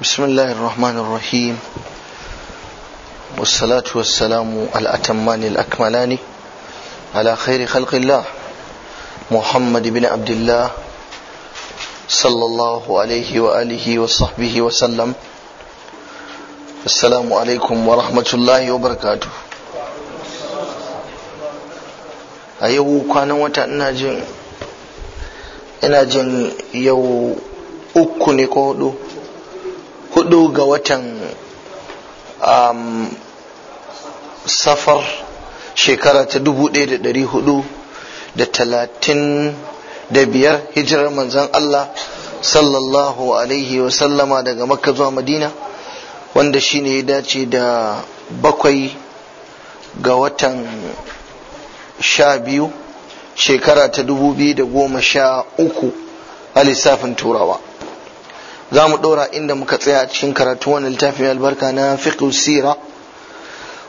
بسم الله الرحمن الرحيم والصلاة والسلام الأتمان الأكملان على خير خلق الله محمد بن عبد الله صلى الله عليه وآله وصحبه وسلم السلام عليكم ورحمة الله وبركاته أيوه كان وتأنا جن ina jin yau uku ne ko hudu hudu ga watan um, safar shekara ta dubu ɗaya da ɗari hudu da talatin da biyar hijirar manzan Allah sallallahu alaihi wasallama daga makka zuwa madina wanda shi ne ya dace da bakwai ga watan sha biyu shekara ta dubu biyu da goma sha uku a lissafin turawa za mu ɗora inda muka tsaya a cikin karatu wannan littafi mai albarka na fiqh sira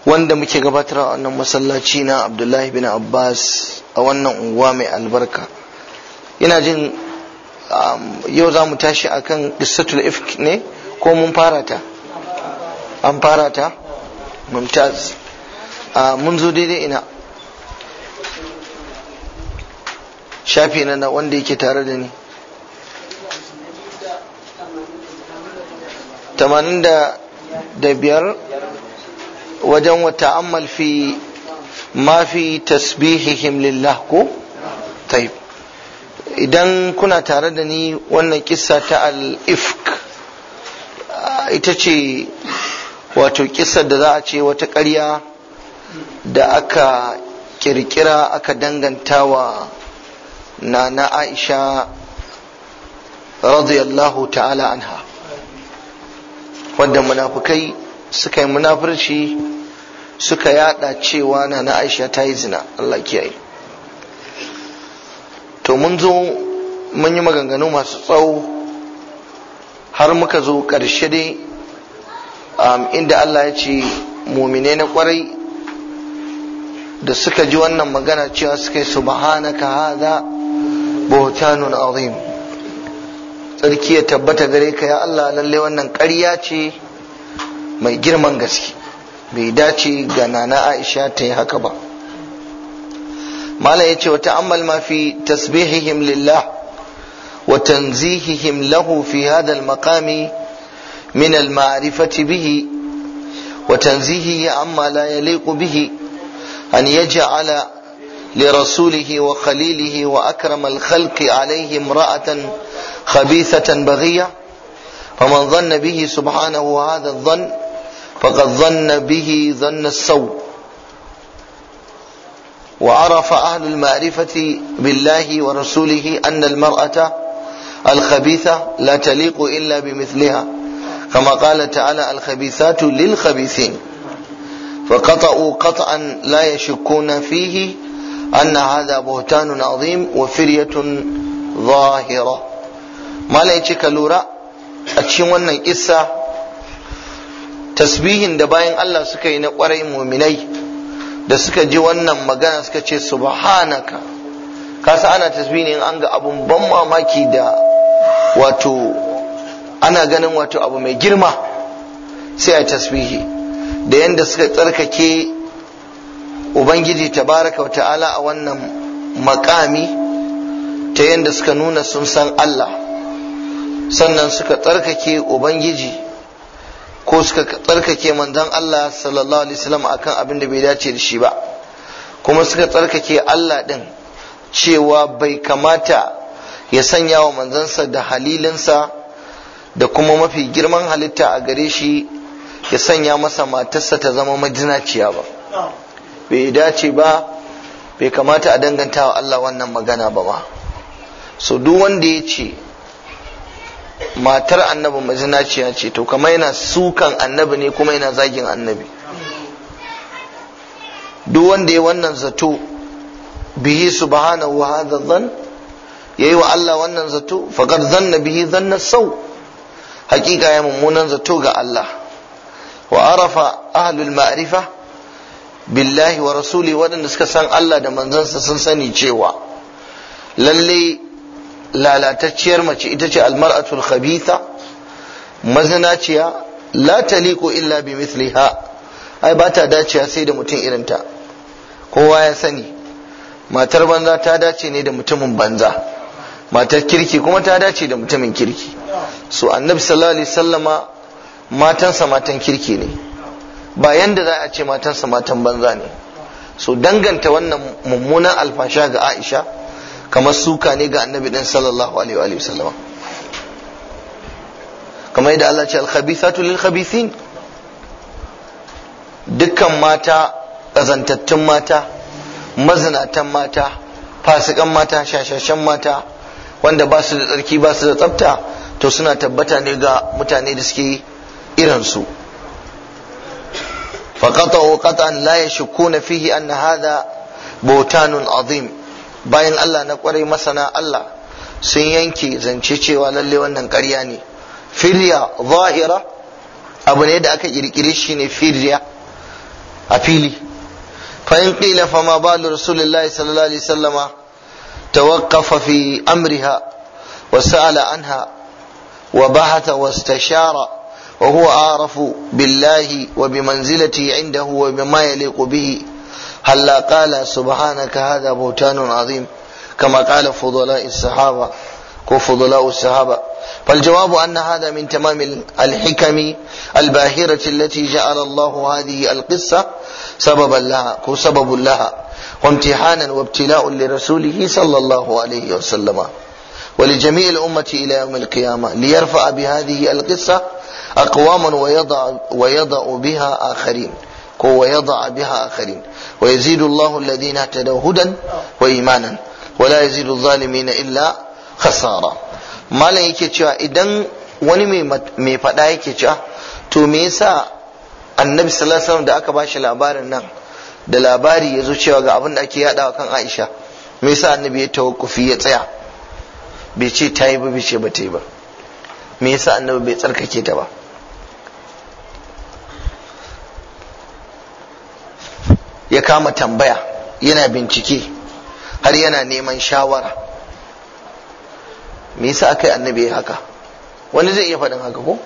wanda muke gabatar a wannan masallaci na abdullahi bin abbas a wannan unguwa mai albarka ina jin um, yau za mu tashi akan qissatul ifk ne ko mun fara ta an fara ta mumtaz mun zo daidai ina shafi na wanda yake tare da ni tamanin da biyar wajen wata ammal mafi ma tasbihihim lillah ko taib idan kuna tare da ni wannan kissa ta al-ifk ah, ita ce wato kissar da za a ce wata ƙarya da aka kirkira aka danganta wa nana aisha radiyallahu ta'ala anha wanda munafukai suka yi munafurci suka yada cewa na na aisha ta yi zina Allah kiyaye to mun zo mun yi maganganu masu tsawo har muka zo ƙarshe dai um, inda Allah ya ce mumine na kwarai da suka ji wannan magana cewa suka yi subhanaka hadha buhtanun azim tsarki ya tabbata gare ka ya Allah lalle wannan ƙarya ce mai girman gaske bai dace ga nana Aisha ta yi haka ba malam ce wa ta'ammal ma fi tasbihihim lillah wa tanzihihim lahu fi hadha al-maqami min al-ma'rifati bihi wa tanzihihi amma la yaliqu bihi an yaj'ala لرسوله وخليله وأكرم الخلق عليه امرأة خبيثة بغية فمن ظن به سبحانه هذا الظن فقد ظن به ظن السوء وعرف أهل المعرفة بالله ورسوله أن المرأة الخبيثة لا تليق إلا بمثلها كما قال تعالى الخبيثات للخبيثين فقطعوا قطعا لا يشكون فيه أن هذا بهتان عظيم وفرية ظاهرة mala ya ce ka lura a cikin wannan isa tasbihin da bayan Allah suka yi na kwarai muminai da suka ji wannan magana suka ce subhanaka kasa ana tasbihin an ga abun ban mamaki da wato ana ganin wato abu mai girma sai a tasbihi da yadda suka tsarkake ubangiji tabaraka wa ta'ala a wannan makami ta yadda suka nuna sun san Allah sannan suka tsarkake ubangiji ko suka tsarkake manzon Allah sallallahu alaihi wasallam akan abin da bai dace da shi ba kuma suka tsarkake Allah din cewa bai kamata ya sanya wa manzansa da halilinsa da kuma mafi girman halitta a gare shi ya sanya masa matarsa ta zama majinaciya ba bai dace ba bai kamata a danganta wa Allah wannan magana ba ma so duk wanda ya ce matar annabi mazinaciya ce to kamar yana sukan annabi ne kuma yana zagin annabi duk wanda ya wannan zato bihi subhanahu hadha dhann yayi wa Allah wannan zato faqad zanna bihi dhanna sau. hakika ya mummunan zato ga Allah wa arafa ahlul ma'rifa billahi wa rasuli waɗanda suka san Allah da manzansa sun sani cewa lallai. lalatacciyar mace ita ce almar'atul khabitha mazinaciya la taliku illa bi misliha!" ai ba ta dacewa sai da mutum irinta kowa ya sani matar banza ta dace ne da mutumin banza matar kirki kuma ta dace da mutumin kirki so annabi sallallahu alaihi sallama matansa matan kirki ne ba yanda za a ce matansa matan banza ne so danganta wannan mummunan alfasha ga aisha kamar suka ne ga annabi ɗin sallallahu alaihi wa sallama kamar yadda Allah ce al-khabithatu lil khabithin dukkan mata kazantattun mata mazinatan mata fasikan mata shashashan mata wanda ba su da tsarki ba su da tsafta to suna tabbata ne ga mutane da suke irin su فقطعوا قطعا لا يشكون فيه أن هذا بوتان عظيم bayan Allah na kwarai masana Allah sun yanke zance cewa lalle wannan ƙarya ne firya zahira abu ne da aka kirkire shi ne firya a fili fa ƙila fama fa ma balu rasulillahi sallallahu alaihi wasallama tawaqqafa fi amriha wa sa'ala anha wa bahatha wastashara wa huwa arafu billahi wa bi manzilati huwa wa bima yaliqu bihi هلا قال سبحانك هذا بهتان عظيم كما قال فضلاء الصحابة كفضلاء الصحابة فالجواب أن هذا من تمام الحكم الباهرة التي جعل الله هذه القصة سببا لها سبب لها وامتحانا وابتلاء لرسوله صلى الله عليه وسلم ولجميع الأمة إلى يوم القيامة ليرفع بهذه القصة أقواما ويضع, ويضع بها آخرين ko wa a biha akharin wa yazidu Allahu ta da hudan wa imanan Wala la yazidu zalimi na illa khasara malam yake cewa idan wani mai fada yake cewa to me yasa annabi sallallahu da aka bashi labarin nan da labari ya zo cewa ga abin da ake yadawa kan Aisha me yasa annabi ya tawakkufi ya tsaya bai ce ta yi ba bai ce ba ta yi ba me yasa annabi bai tsarkake ta ba ya kama tambaya yana bincike har yana neman shawara me yasa aka yi annabi haka wani zai iya faɗin haka ko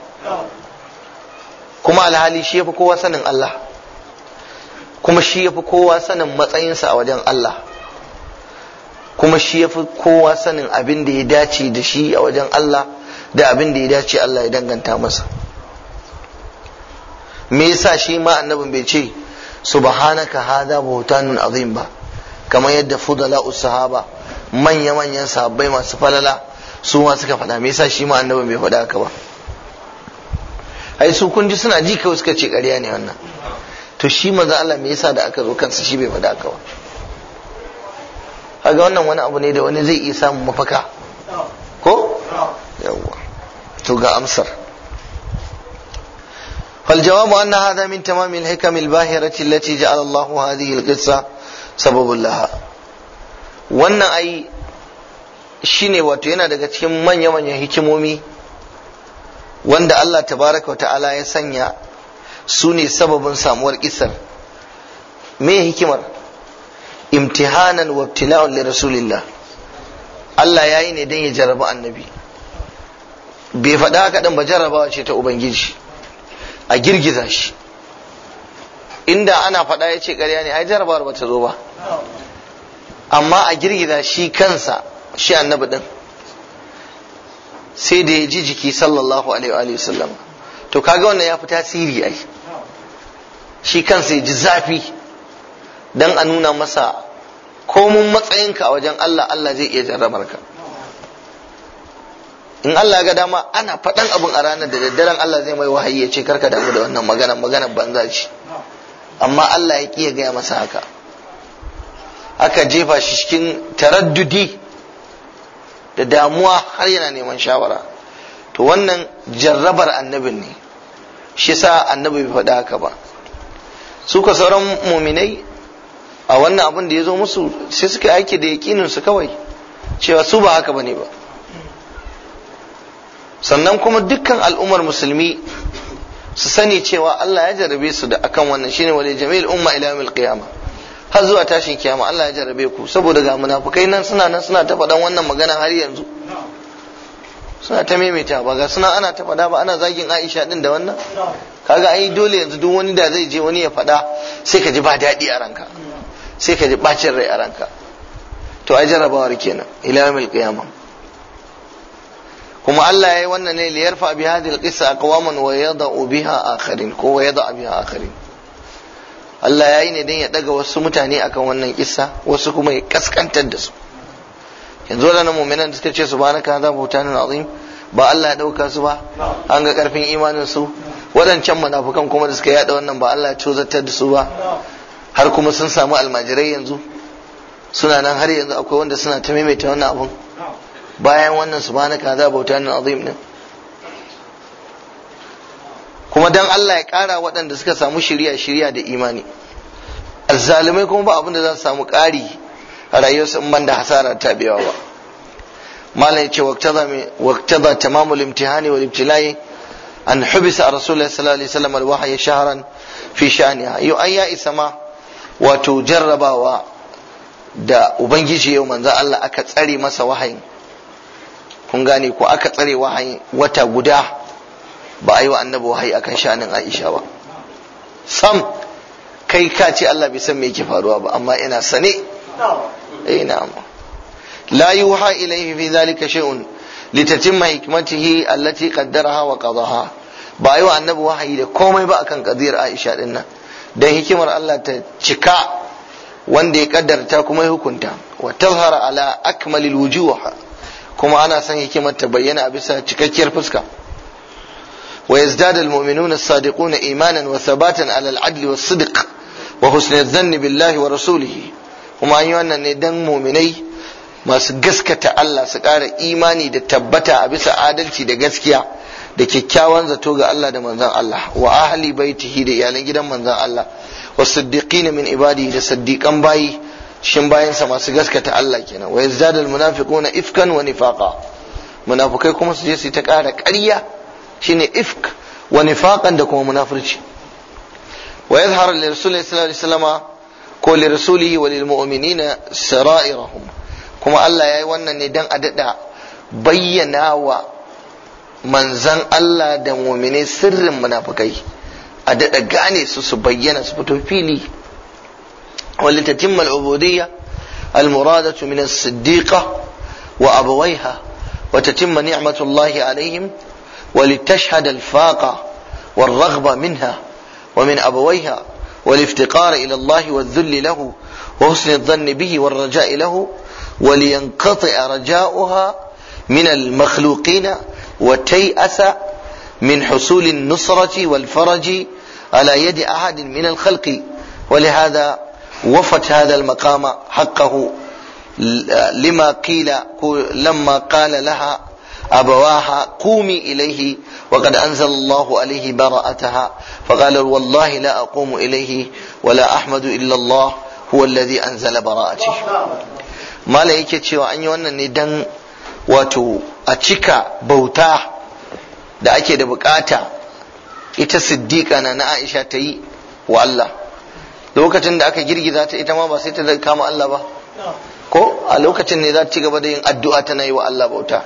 kuma alhali shi ya kowa sanin Allah kuma shi ya kowa sanin matsayinsa a wajen Allah kuma shi ya kowa sanin abin da ya dace da shi a wajen Allah da abin da ya dace Allah ya danganta masa me yasa shi ma annabin bai ce subhanaka hadha buhtanun azim ba kamar yadda fudala sahaba manya manyan sahabbai masu falala su ma suka faɗa me yasa shi ma annabi bai faɗa haka ba ai su kun ji suna ji kawai suka ce ƙarya ne wannan to shi maza Allah me yasa da aka zo kansa shi bai faɗa haka ba kaga wannan wani abu ne da wani zai iya samun mafaka ko yawwa to ga amsar فالجواب أن هذا من تمام الحكم الباهرة التي جعل الله هذه القصة سبب لها wannan ai shine wato yana daga cikin manya-manyan hikimomi wanda Allah tabaraka wa ta'ala ya sanya su ne sababin samuwar kisar me hikimar imtihanan wa ibtila'un li rasulillah Allah yayi ne dan ya jarraba annabi bai faɗa haka ɗin ba jarrabawa ce ta ubangiji a girgiza shi inda ana faɗa ya ce ƙarya ne ai jarabawar ba ta zo ba amma a girgiza shi kansa shi annabi ɗin sai da ya ji jiki sallallahu alaihi wasallam to kaga wannan ya fi tasiri ai shi kansa ya ji zafi dan a nuna masa komun matsayinka a wajen Allah Allah zai iya jarrabar ka in Allah ga dama ana faɗan abun a ranar da daddaren Allah zai mai wahayi ya ce karka damu da wannan magana magana banza ce amma Allah ya ƙi gaya masa haka aka jefa shi cikin taraddudi da damuwa har yana neman shawara to wannan jarrabar annabin ne shi sa annabi bai faɗa haka ba su ka sauran muminai a wannan abin da ya zo musu sai suka aiki da yaƙinin su kawai cewa su ba haka bane ba sannan kuma dukkan al'ummar musulmi su sani cewa Allah ya jarrabe su da akan wannan shine wale jami'il umma ila yawmil qiyama har zuwa tashin kiyama Allah ya jarrabe ku saboda ga munafukai nan suna nan suna ta faɗan wannan magana har yanzu suna ta maimaita ba ga suna ana ta faɗa ba ana zagin Aisha din da wannan kaga ai dole yanzu duk wani da zai je wani ya faɗa sai ka ji ba daɗi a ranka sai ka ji bacin rai a ranka to ai jarrabawar kenan ila yawmil qiyama kuma Allah ya yayi wannan ne liyar fa bi hadhihi alqissa aqwaman wa yada'u biha akharin ko wa yada'u biha akharin Allah yayi ne dan ya daga wasu mutane akan wannan kissa wasu kuma ya kaskantar da su yanzu nan mu'minan da suka ce subhanaka hadha buhtanun azim ba Allah ya dauka su ba an ga karfin imanin su wadancan munafukan kuma da suka yada wannan ba Allah ya cozartar da su ba har kuma sun samu almajirai yanzu suna nan har yanzu akwai wanda suna ta maimaita wannan abun bayan wannan subhanaka za bauta nan azim din kuma dan Allah ya kara waɗanda suka samu shirya shirya da imani azzalumai kuma ba abin da za su samu ƙari a rayuwarsu in banda hasara ta biyawa ba malam yace waqtada waqtada tamamul imtihani wal ibtilai an hubisa rasulullah sallallahu alaihi wasallam al wahyi shahran fi sha'niha yau an ya isa ma wato jarrabawa da ubangiji yau manzo Allah aka tsare masa wahayin kun gane ko aka tsare wahayi wata guda ba a yi wa annabi wahayi akan sha'anin Aisha ba sam kai ka ce Allah bai san me yake faruwa ba amma ina sane eh na'am la yuha ilayhi fi zalika shay'un litatimma hikmatihi allati qaddaraha wa qadaha ba yi wa annabi wahayi da komai ba akan kadiyar Aisha din nan dan hikimar Allah ta cika wanda ya kaddarta kuma ya hukunta wa tazhara ala akmalil wujuh kuma ana son hikimar ta bayyana a bisa cikakkiyar fuska wa yazdadu almu'minuna as-sadiquna imanan wa thabatan ala al was-sidq wa husn adh-dhanni billahi wa rasulihi kuma an yi wannan ne dan mu'minai masu gaskata Allah su ƙara imani da tabbata a bisa adalci da gaskiya da kyakkyawan zato ga Allah da manzon Allah wa ahli baitihi da iyalan gidan manzon Allah wa siddiqina min ibadi da saddiqan bayi cikin bayansa masu gaskata Allah kenan wa yazdadul munafiquna ifkan wa nifaqa munafukai kuma su je su ta ƙara ƙarya shine ifk wa nifaqan da kuma munafurci wa yadhharu li rasulillahi sallallahu alaihi wasallama ko li rasulihi wa lil mu'minina sarairahum kuma Allah yayi wannan ne dan a dada bayyana wa manzan Allah da mu'mini sirrin munafukai a dada gane su su bayyana su fito fili ولتتم العبودية المرادة من الصديقة وأبويها وتتم نعمة الله عليهم ولتشهد الفاقة والرغبة منها ومن أبويها والافتقار إلى الله والذل له وحسن الظن به والرجاء له ولينقطع رجاؤها من المخلوقين وتيأس من حصول النصرة والفرج على يد أحد من الخلق ولهذا وفت هذا المقام حقه لما قيل لما قال لها أبواها قومي إليه وقد أنزل الله عليه براءتها فقال والله لا أقوم إليه ولا أحمد إلا الله هو الذي أنزل براءتي ما لأيك cewa an yi wannan ne dan wato a cika bauta da ake da bukata ita siddiqa na na Aisha ta yi wa Allah lokacin da aka girgiza ta ita ma ba sai ta kama Allah ba ko a lokacin ne za ta ci gaba da yin addu'a tana yi wa Allah bauta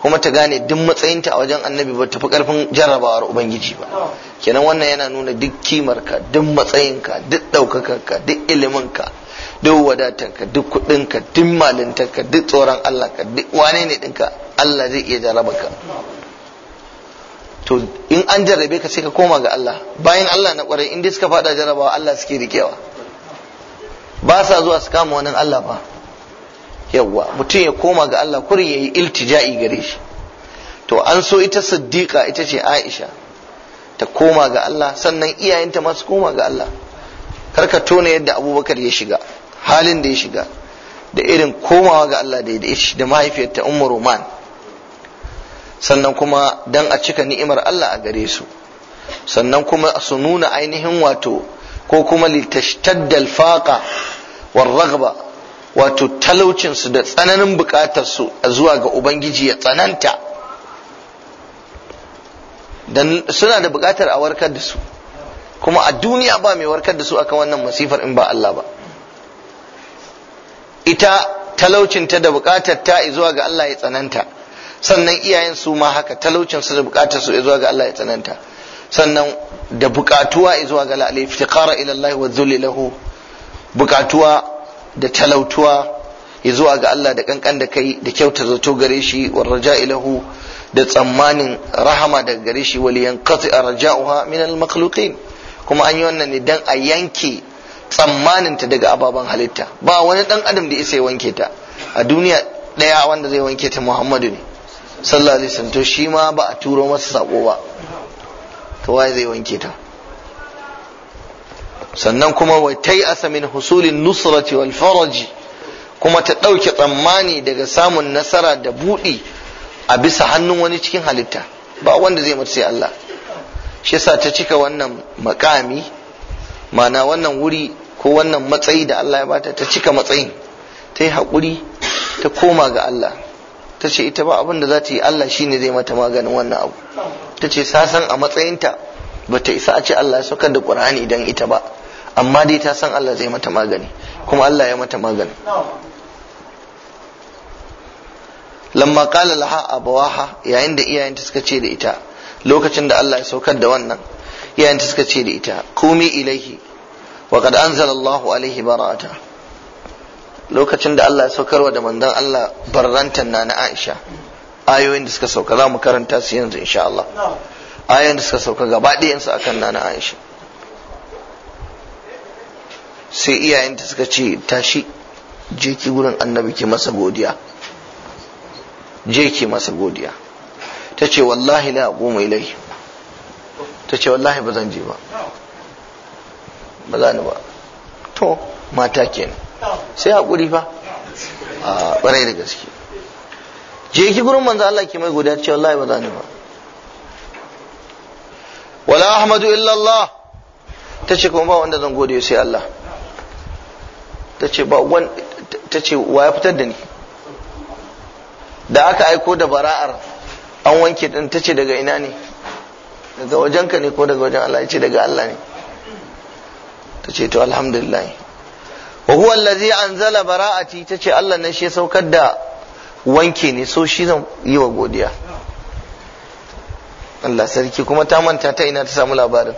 kuma ta gane duk matsayinta a wajen annabi ba ta fi karfin jarrabawar ubangiji ba kenan wannan yana nuna duk kimarka duk matsayinka duk ɗaukakarka duk iliminka duk wadatarka duk kudinka, duk malintarka duk tsoron Allah ka duk wane ne ɗinka Allah zai iya jarraba ka to in an jarrabe ka sai ka koma ga Allah bayan Allah na kwarai in dai suka fada jarrabawa Allah suke rikewa ba sa zuwa su kama wannan Allah ba yawwa mutum ya koma ga Allah kurin yayi iltija'i gare shi to an so ita siddiqa ita ce Aisha ta koma ga Allah sannan iyayenta ma su koma ga Allah kar ka tona yadda Abubakar ya shiga halin da ya shiga da irin komawa ga Allah da ya da mahaifiyarta Ummu Roman sannan kuma dan a cika ni'imar Allah a gare su sannan kuma su nuna ainihin wato ko kuma litashtadda faqa war raghba wato talaucin da tsananin bukatar su zuwa ga ubangiji ya tsananta dan suna da bukatar a warkar da su kuma a duniya ba mai warkar da su akan wannan masifar in ba Allah ba ita talaucinta da bukatar ta zuwa ga Allah ya tsananta sannan iyayen su ma haka talaucin su da bukatar su zuwa ga Allah ya tsananta sannan da bukatuwa zuwa ga Allah iftiqara ila Allah wa dhulli lahu bukatuwa da talautuwa zuwa ga Allah da kankan da kai da kyauta zato gare shi wa raja'i da tsammanin rahama daga gare shi wal yanqati arja'uha min al makhluqin kuma an yi wannan ne dan a yanke tsammaninta daga ababen halitta ba wani dan adam da isa ya wanke ta a duniya daya wanda zai wanke ta Muhammadu ne sallallahu alaihi wasallam to shi ma ba a turo masa sako ba to waye zai wanke ta sannan kuma wai tai asamin husulin nusrati wal faraji kuma ta ɗauke tsammani daga samun nasara da buɗe a bisa hannun wani cikin halitta ba wanda zai mutu sai Allah shi yasa ta cika wannan makami mana wannan wuri ko wannan matsayi da Allah ya bata ta cika matsayin ta yi haƙuri ta koma ga Allah ta ce ita ba abin da za ta yi Allah shi ne zai mata maganin wannan abu ta ce sasan a matsayinta ba ta isa a ce Allah ya saukar da Qur'ani idan ita ba amma dai ta san Allah zai mata magani kuma Allah ya mata magani lamma qala laha abawaha yayin da iyayenta suka ce da ita lokacin da Allah ya saukar da wannan iyayenta suka ce da ita kumi ilaihi wa qad anzala Allahu alaihi bara'ata lokacin da Allah ya saukarwa da manzon Allah barrantan na na Aisha ayoyin da suka sauka za mu karanta su yanzu insha Allah ayoyin da suka sauka gaba su akan na na Aisha sai iyayenta suka ce tashi je ki gurin annabi ki masa godiya je ki masa godiya ta ce wallahi la aqumu ilai ta ce wallahi ba zan je ba ba za ni ba to mata kenan sai haƙuri fa a ɓarai da gaske je ki gurin manzo Allah ki mai godiya cewa Allah ba za ni ba wala ahmadu illa Allah ta ce kuma ba wanda zan gode sai Allah ta ce ba wan ta ce wa ya fitar da ni da aka aiko da bara'ar an wanke din ta ce daga ina ne daga wajenka ne ko daga wajen Allah ya ce daga Allah ne ta ce to alhamdulillah wa huwa allazi anzala bara'ati tace Allah nan shi ya saukar da wanke ne so shi zan yi wa godiya Allah sarki kuma ta manta ta ina ta samu labarin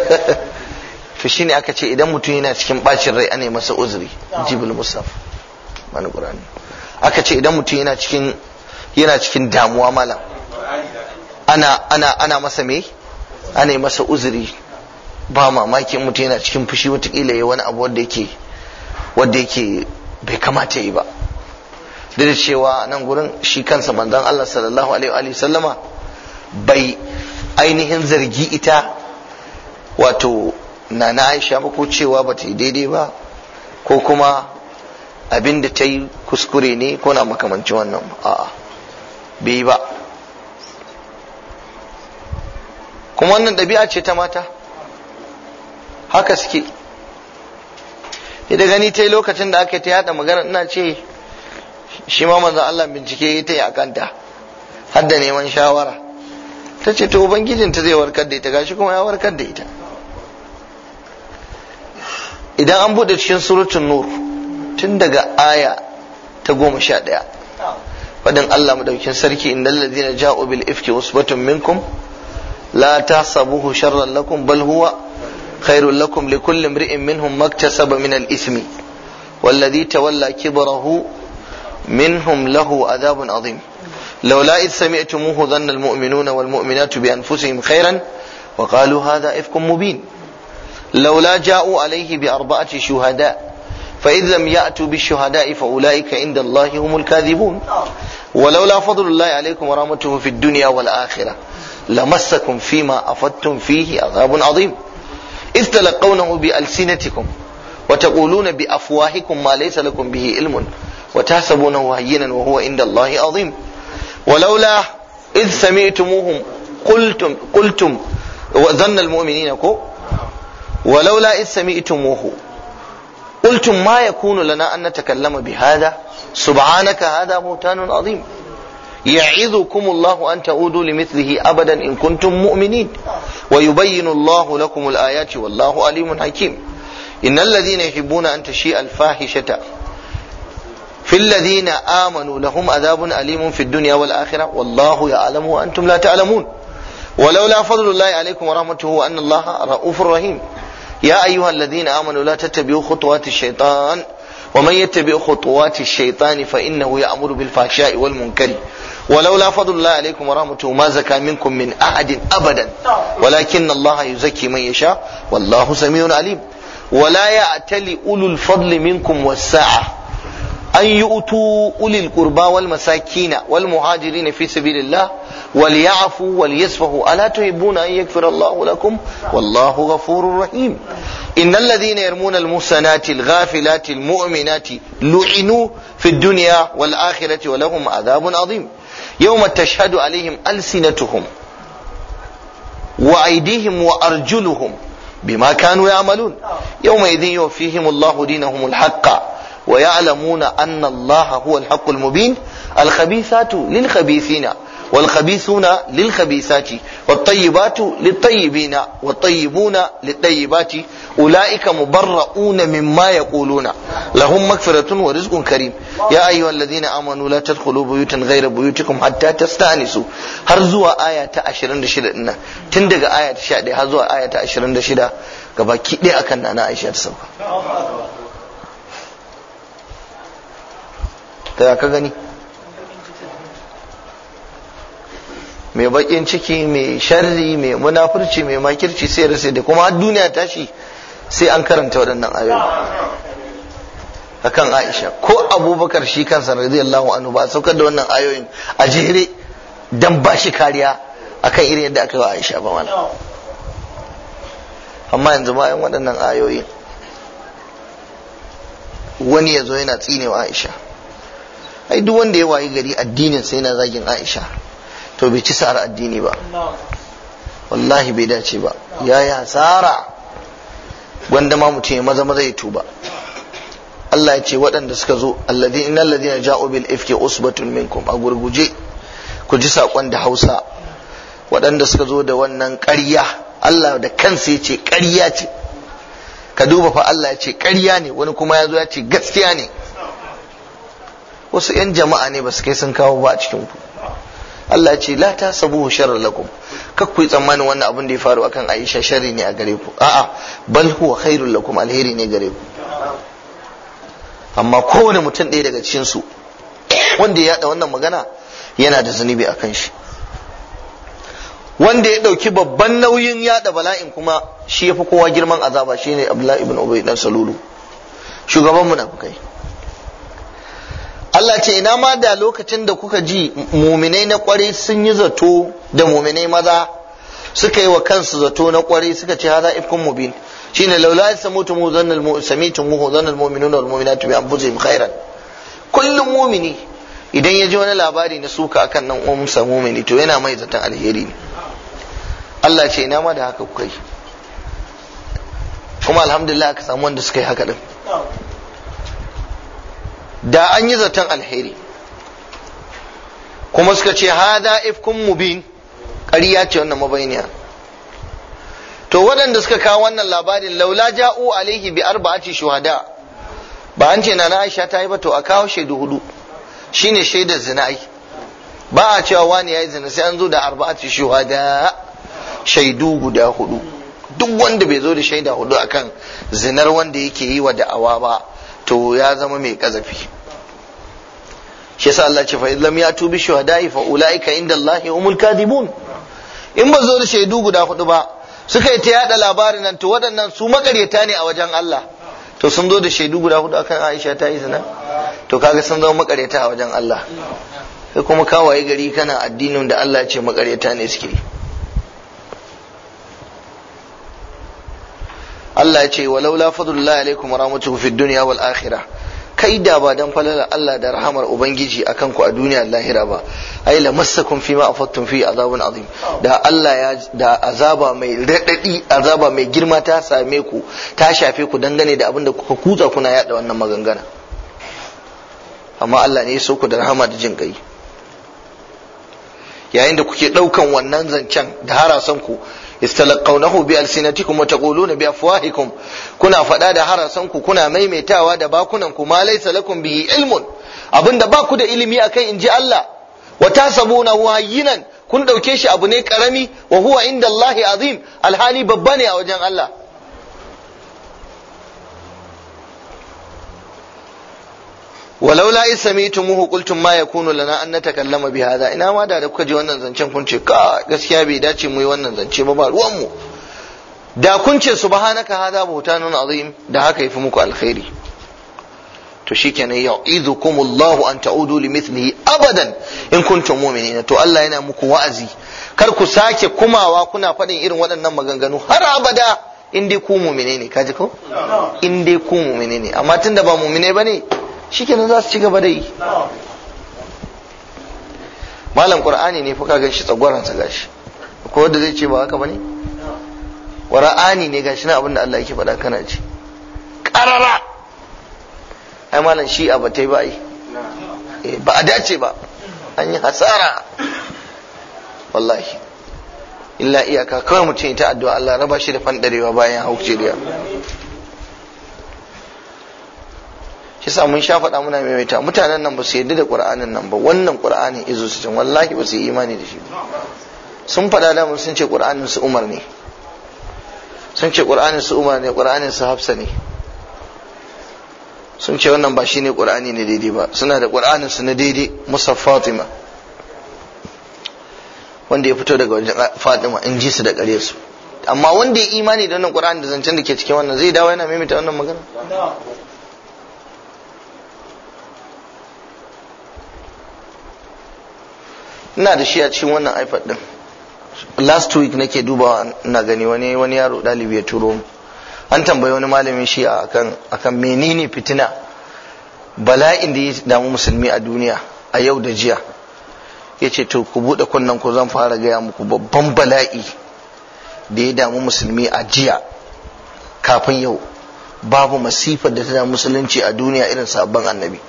to shine aka ce idan mutum yana cikin bacin rai ana masa uzuri jibul musaf mana qur'ani aka ce idan mutum yana cikin yana cikin damuwa malam ana ana ana masa me ana masa uzuri ba mamaki mutum yana cikin fushi watakila ya wani abu wanda yake wanda yake bai kamata yi ba duk da cewa nan gurin shi kansa manzon Allah sallallahu alaihi wa sallama bai ainihin zargi ita wato na na Aisha ba ko cewa ba ta yi daidai ba ko kuma abin da ta yi kuskure ne ko na makamanci wannan a'a bai ba kuma wannan ɗabi'a ce ta mata haka suke da gani ta lokacin da aka ta yada magana ina ce shi ma manzon Allah bincike ya ta yi a kanta har da neman shawara ta ce to ubangijin ta zai warkar da ita gashi kuma ya warkar da ita idan an buɗe cikin surutun nur tun daga aya ta goma sha ɗaya faɗin Allah madaukin sarki innal ladina ja'u bil ifki usbatun minkum la tahsabuhu sharran lakum bal huwa خير لكم لكل امرئ منهم ما اكتسب من الإثم والذي تولى كبره منهم له عذاب عظيم لولا إذ سمعتموه ظن المؤمنون والمؤمنات بأنفسهم خيرا وقالوا هذا إفك مبين لولا جاءوا عليه بأربعة شهداء فإذ لم يأتوا بالشهداء فأولئك عند الله هم الكاذبون ولولا فضل الله عليكم ورحمته في الدنيا والآخرة لمسكم فيما أفدتم فيه عذاب عظيم istalaqawnahu bi alsinatikum wa taquluna bi afwahikum ma laysa lakum bihi ilmun wa tahsabunahu hayyinan wa huwa inda Allahi azim ولولا إذ سمعتموهم قلتم قلتم وظن المؤمنين كو ولولا إذ سمعتموه قلتم ما يكون لنا أن نتكلم بهذا سبحانك هذا بهتان عظيم يعظكم الله أن تعودوا لمثله أبدا إن كنتم مؤمنين ويبين الله لكم الآيات والله عليم حكيم إن الذين يحبون أن تشيء الفاحشة في الذين آمنوا لهم عذاب أليم في الدنيا والآخرة والله يعلم وأنتم لا تعلمون ولولا فضل الله عليكم ورحمته وأن الله رؤوف رحيم يا أيها الذين آمنوا لا تتبعوا خطوات الشيطان ومن يتبع خطوات الشيطان فإنه يأمر بالفحشاء والمنكر ولولا فضل الله عليكم ورحمته ما زكى منكم من أحد أبدا ولكن الله يزكي من يشاء والله سميع عليم ولا يأتل أولو الفضل منكم والساعة أن يؤتوا أولي القربى والمساكين والمهاجرين في سبيل الله وليعفوا وليصفحوا ألا تحبون أن يغفر الله لكم والله غفور رحيم إن الذين يرمون المحسنات الغافلات المؤمنات لعنوا في الدنيا والآخرة ولهم عذاب عظيم yawma tashhadu alaihim alsinatuhum wa aidihim wa arjuluhum bima kanu ya'malun yawma idhin yufihim Allahu dinahum alhaqqa ويعلمون أن الله هو الحق المبين الخبيثات للخبيثين wal khabithuna lil khabithati wat tayyibatu lit tayyibina wat tayyibuna lit tayyibati ulaika mubarra'una mimma yaquluna lahum maghfiratun wa rizqun karim ya ayyuhalladhina amanu la tadkhulu buyutan ghayra buyutikum hatta tastanisu har zuwa aya ta 26 din tun daga aya ta 11 har zuwa aya ta 26 gabaki ɗaya akan nana Aisha ta sauka ta ka gani mai bakin ciki mai sharri mai munafurci mai makirci sai rasa da kuma har duniya tashi sai an karanta waɗannan ayoyi akan Aisha ko Abubakar shi kansa radiyallahu anhu ba saukar da wannan ayoyin a jere dan ba shi kariya akan irin yadda aka yi Aisha ba mana amma yanzu bayan waɗannan ayoyi wani ya zo yana tsinewa Aisha ai duk wanda ya wayi gari addinin sai yana zagin Aisha to bai ci sa'ar addini ba wallahi bai dace ba ya yi hasara wanda ma mutum ya maza maza ya tuba Allah ya ce waɗanda suka zo alladhi innal na ja'u bil ifki usbatun minkum a gurguje ku ji sakon da Hausa waɗanda suka zo da wannan ƙarya Allah da kansa ya ce ƙarya ce ka duba fa Allah ya ce ƙarya ne wani kuma ya zo ya ce gaskiya ne wasu 'yan jama'a ne ba su kai sun kawo ba a cikin ku Allah ce la ta sabu sharar lakum kak ku yi tsammanin wannan abin da ya faru akan Aisha sharri ne a gare ku a'a bal huwa khairul lakum alheri ne gare ku amma kowane mutum ɗaya daga cikin su wanda ya yada wannan magana yana da zunubi akan shi wanda ya dauki babban nauyin yada bala'in kuma shi yafi kowa girman azaba shine Abdullah ibn Ubay dan Salulu shugaban munafikai Allah ce ina ma da lokacin da kuka ji muminai na kwarai sun yi zato da muminai maza suka yi wa kansu zato na kwarai suka ce haza ifkun mubin shine laula yasmutum zannal samitum mu zannal mu'minuna wal mu'minatu bi anfusihim khairan kullum mumini idan ya ji wani labari na suka akan nan umsa mumini to yana mai zaton alheri ne Allah ce ina ma da haka kuka yi kuma alhamdulillah aka samu wanda suka yi haka din da an yi zaton alheri kuma suka ce hada ifkun mubin ƙarya ce wannan mabayaniya to waɗanda suka kawo wannan labarin laula ja'u alaihi bi arba'ati shuhada ba an ce na na Aisha ta yi ba to a kawo shaidu hudu shine shaidar zinai ba a cewa wani ya yi zina sai an zo da arba'ati shuhada shaidu guda hudu duk wanda bai zo da shaida hudu akan zinar wanda yake yi wa da'awa ba to ya zama mai kazafi shi yasa Allah ce fa lam yatu bi shuhada'i fa ulaika inda Allahi umul kadibun in ba zo da shaidu guda hudu ba suka yi ta yada labarin nan to waɗannan su makaryata ne a wajen Allah to sun zo da shaidu guda hudu akan Aisha ta yi zina to kaga sun zama makaryata a wajen Allah sai kuma kawaye gari kana addinin da Allah ce makaryata ne suke Allah ya ce walaula fadlullahi alaikum wa rahmatuhu fid dunya wal akhirah kai da ba dan falalar Allah da rahamar ubangiji akan ku a duniya lahira ba ai la kun fi ma afattum fi azabun azim da Allah ya da azaba mai radadi azaba mai girma ta same ku ta shafe ku dangane da abinda da kuka kuza kuna yada wannan magangana amma Allah ne ya so ku da rahama da jin kai yayin da kuke daukan wannan zancen da harasan ku istalaqawnahu bi alsinatikum wa taquluna bi afwahikum kuna fada da harasan ku kuna maimaitawa da bakunan ku ma laysa lakum bi ilmun abinda ba ku da ilimi akai inji Allah wa tasabuna hayyinan kun dauke shi abu ne karami wa huwa inda Allah azim alhali babba ne a wajen Allah walaula in samitumuhu qultum ma yakunu lana an natakallama bi hadha ina ma da da kuka je wannan zancen kun ce gaskiya bai dace mu yi wannan zance ba ba ruwanmu da kun ce subhanaka hadha buhtanun azim da haka yafi muku alkhairi to shikenan ya'idukum Allahu an ta'udu limithlihi abadan in kuntum mu'minina to Allah yana muku wa'azi kar ku sake kumawa kuna faɗin irin waɗannan maganganu har abada in dai ku mu'mine ne kaji ko in dai ku mu'mine ne amma tunda ba mu'mine bane shikenan za su ci gaba da yi malam qur'ani ne fa kaga shi tsagwaran sa gashi ko wanda zai ce ba haka bane qur'ani ne gashi na abinda Allah yake faɗa kana ji qarara ai malam shi a batai ba ai eh, ba a dace ba an yi hasara wallahi illa iyaka kawai mutum ita addu'a Allah raba shi da fandarewa bayan hauce da Kisa mun sha faɗa muna maimaita mutanen nan ba su yarda da qur'anin nan ba wannan qur'anin izo su wallahi ba su yi imani da shi sun faɗa da sun ce qur'anin su umar ne sun ce qur'anin su umar ne qur'anin su hafsa ne sun ce wannan ba shine qur'ani ne daidai ba suna da qur'anin su na daidai musaf fatima wanda ya fito daga wajen fatima in ji su da gare su amma wanda ya imani da wannan qur'ani da zancen da ke cikin wannan zai dawo yana maimaita wannan magana ina da shi a cikin wannan ipad din last week nake dubawa na gani wani wani yaro dalibi ya turo an tambayi wani malamin shi akan akan menene fitina bala'in da ya damu musulmi a duniya a yau da jiya yace ce to ku buɗe kunnen ku zan fara gaya muku babban bala'i da ya damu musulmi a jiya kafin yau babu masifar da ta damu musulunci a duniya irin sabon annabi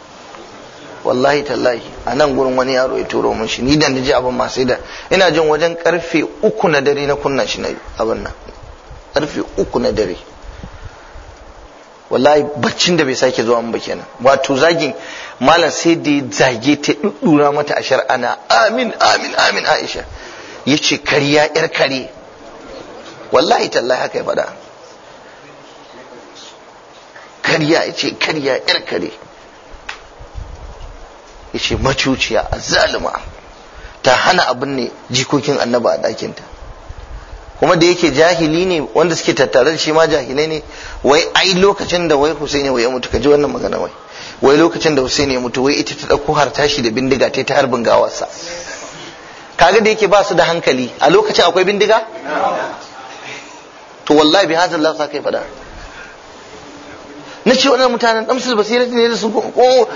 wallahi tallahi a nan gurin wani yaro ya turo mun shi ni da ji abin ma sai da ina jin wajen karfe uku na dare na kunna shi na abin nan karfe uku na dare wallahi baccin da bai sake zuwa mun ba kenan wato zagin malam sai da ya zage ta duddura mata a shar'ana amin amin amin aisha yace kariya yar kare wallahi tallahi haka ya faɗa kariya yace kariya yar kare yace macuciya azzalima ta hana abin ne jikokin annaba a ɗakinta kuma da yake jahili ne wanda suke tattare da shi ma jahilai ne wai ai lokacin da wai Husaini wai ya mutu kaji wannan magana wai wai lokacin da Husaini ya mutu wai ita ta dauko har tashi da bindiga ta ta harbin gawarsa kaga da yake ba su da hankali a lokacin akwai bindiga to wallahi bi hadha Allah sa kai fada na ce wannan mutanen damsul basirati ne da su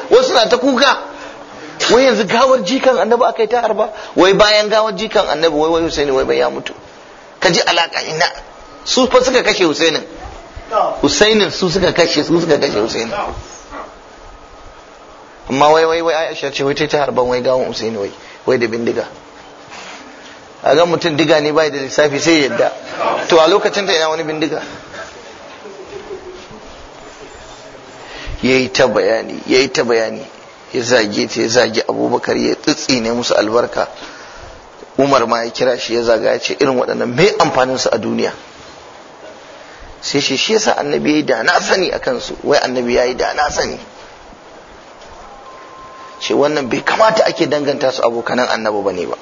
wasu na ta kuka wai yanzu gawar jikan annabi aka yi ta harba wai bayan gawar jikan annabi wai wai husaini wai bai ya mutu ka ji alaka ina su fa suka kashe husainin husainin su suka kashe su suka kashe husainin amma wai wai wai aisha ce wai ta harban wai gawon husaini wai wai da bindiga a ga mutum diga ne bai da lissafi sai yadda to a lokacin ta ina wani bindiga yayi ta bayani yayi ta bayani ya zage ta ya zage abubakar ya tsitsi ne musu albarka umar ma ya kira shi ya zaga ya ce irin waɗannan mai amfanin a duniya sai shi shi yasa annabi yayi da na sani a kansu wai annabi yayi da na sani ce wannan bai kamata ake danganta su abokanan annabi ne ba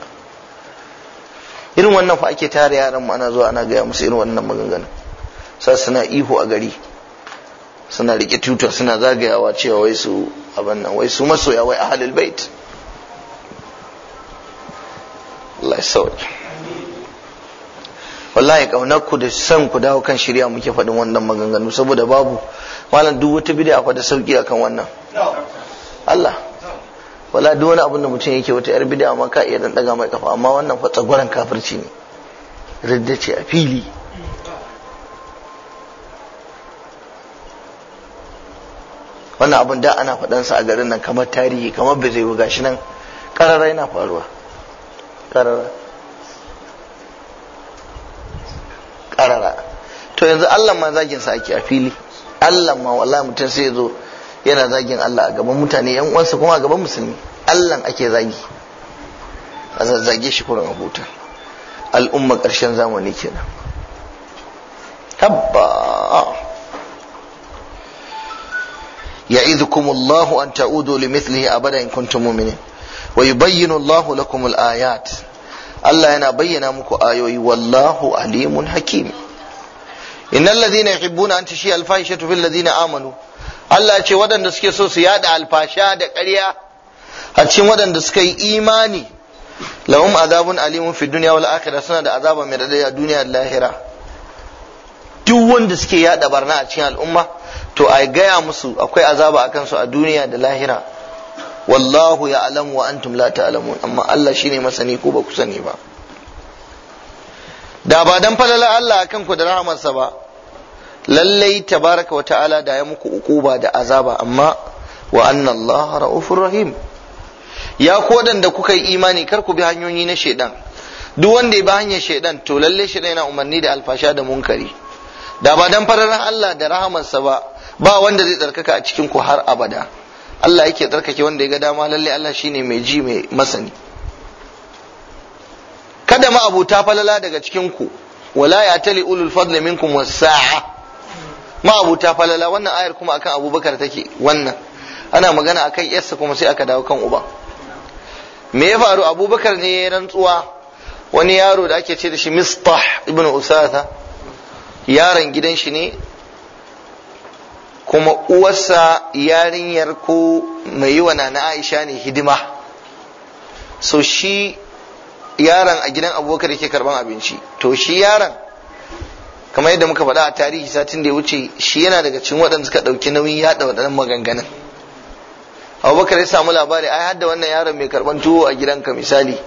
irin wannan fa ake tara yaran mu ana zuwa ana gaya musu irin wannan maganganu sa suna ihu a gari suna rike tuta suna zagayawa cewa wai su abin nan wai su masoya wai ahlul bait Allah ya wallahi kaunar ku da san ku dawo kan shirya muke faɗin wannan maganganu saboda babu malam duk wata bid'a fa da sauki akan wannan Allah wala duk wani abin da mutum yake wata yar bid'a maka ka iya dan daga mai kafa amma wannan fa tsagwaran kafirci ne ridda ce a fili wannan abin da ana faɗansa a garin nan kamar tarihi kamar bai zai gashi nan karara yana faruwa karara karara to yanzu Allah ma zagin sa ake a fili Allah ma wallahi mutum sai zo yana zagin Allah a gaban mutane yan uwansa kuma a gaban musulmi Allah ake zagi a zazzage shi kurin abuta al'umma ƙarshen zamani kenan tabba يعظكم الله أن تعودوا لمثله أبدا إن كنتم مؤمنين ويبين الله لكم الآيات الله أنا بينا مكو آيوي والله عليم حكيم إن الذين يحبون أن تشيء الفاحشة في الذين آمنوا Allah ce waɗanda suke so su yaɗa alfasha da karya a cikin waɗanda suka yi imani lahum azabun alimun fi dunya wal akhirah suna da azaba mai radadi a duniya da lahira duk wanda suke yada barna a cikin al'umma to a gaya musu akwai azaba a kansu a duniya da lahira wallahu ya alamu wa antum la ta'lamun amma Allah shine masani ko ba ku sani ba da ba dan falala Allah akan ku da rahamarsa ba lallai tabaraka wa ta'ala da ya muku ukuba da azaba amma wa anna Allah ra'ufur rahim ya kodan da kuka yi imani kar ku bi hanyoyi na shedan duk wanda ya bi hanyar shedan to lalle shedan yana umarni da alfasha da munkari da ba dan fararan Allah da rahamarsa ba ba wanda zai tsarkaka a cikin ku har abada Allah yake tsarkake wanda ya ga dama lalle Allah shine mai ji mai masani kada ma ta falala daga cikin ku wala ya tali ulul fadli minkum wasa'a ma ta falala wannan ayar kuma akan Abubakar take wannan ana magana akan yarsa kuma sai aka dawo kan uba me ya faru Abubakar ne ya rantsuwa wani yaro da ake ce da shi Mistah ibn Usatha yaron gidan shi ne kuma uwarsa yarinyar ko mai yi wa na aisha ne hidima so shi yaron a gidan abokan da ke karban abinci to shi yaron kamar yadda muka faɗa a tarihi satin da ya wuce shi yana daga cikin waɗanda suka ɗauki nauyin yaɗa waɗannan maganganun abubakar ya samu labari ai hadda wannan yaron mai karban tuwo a gidanka misali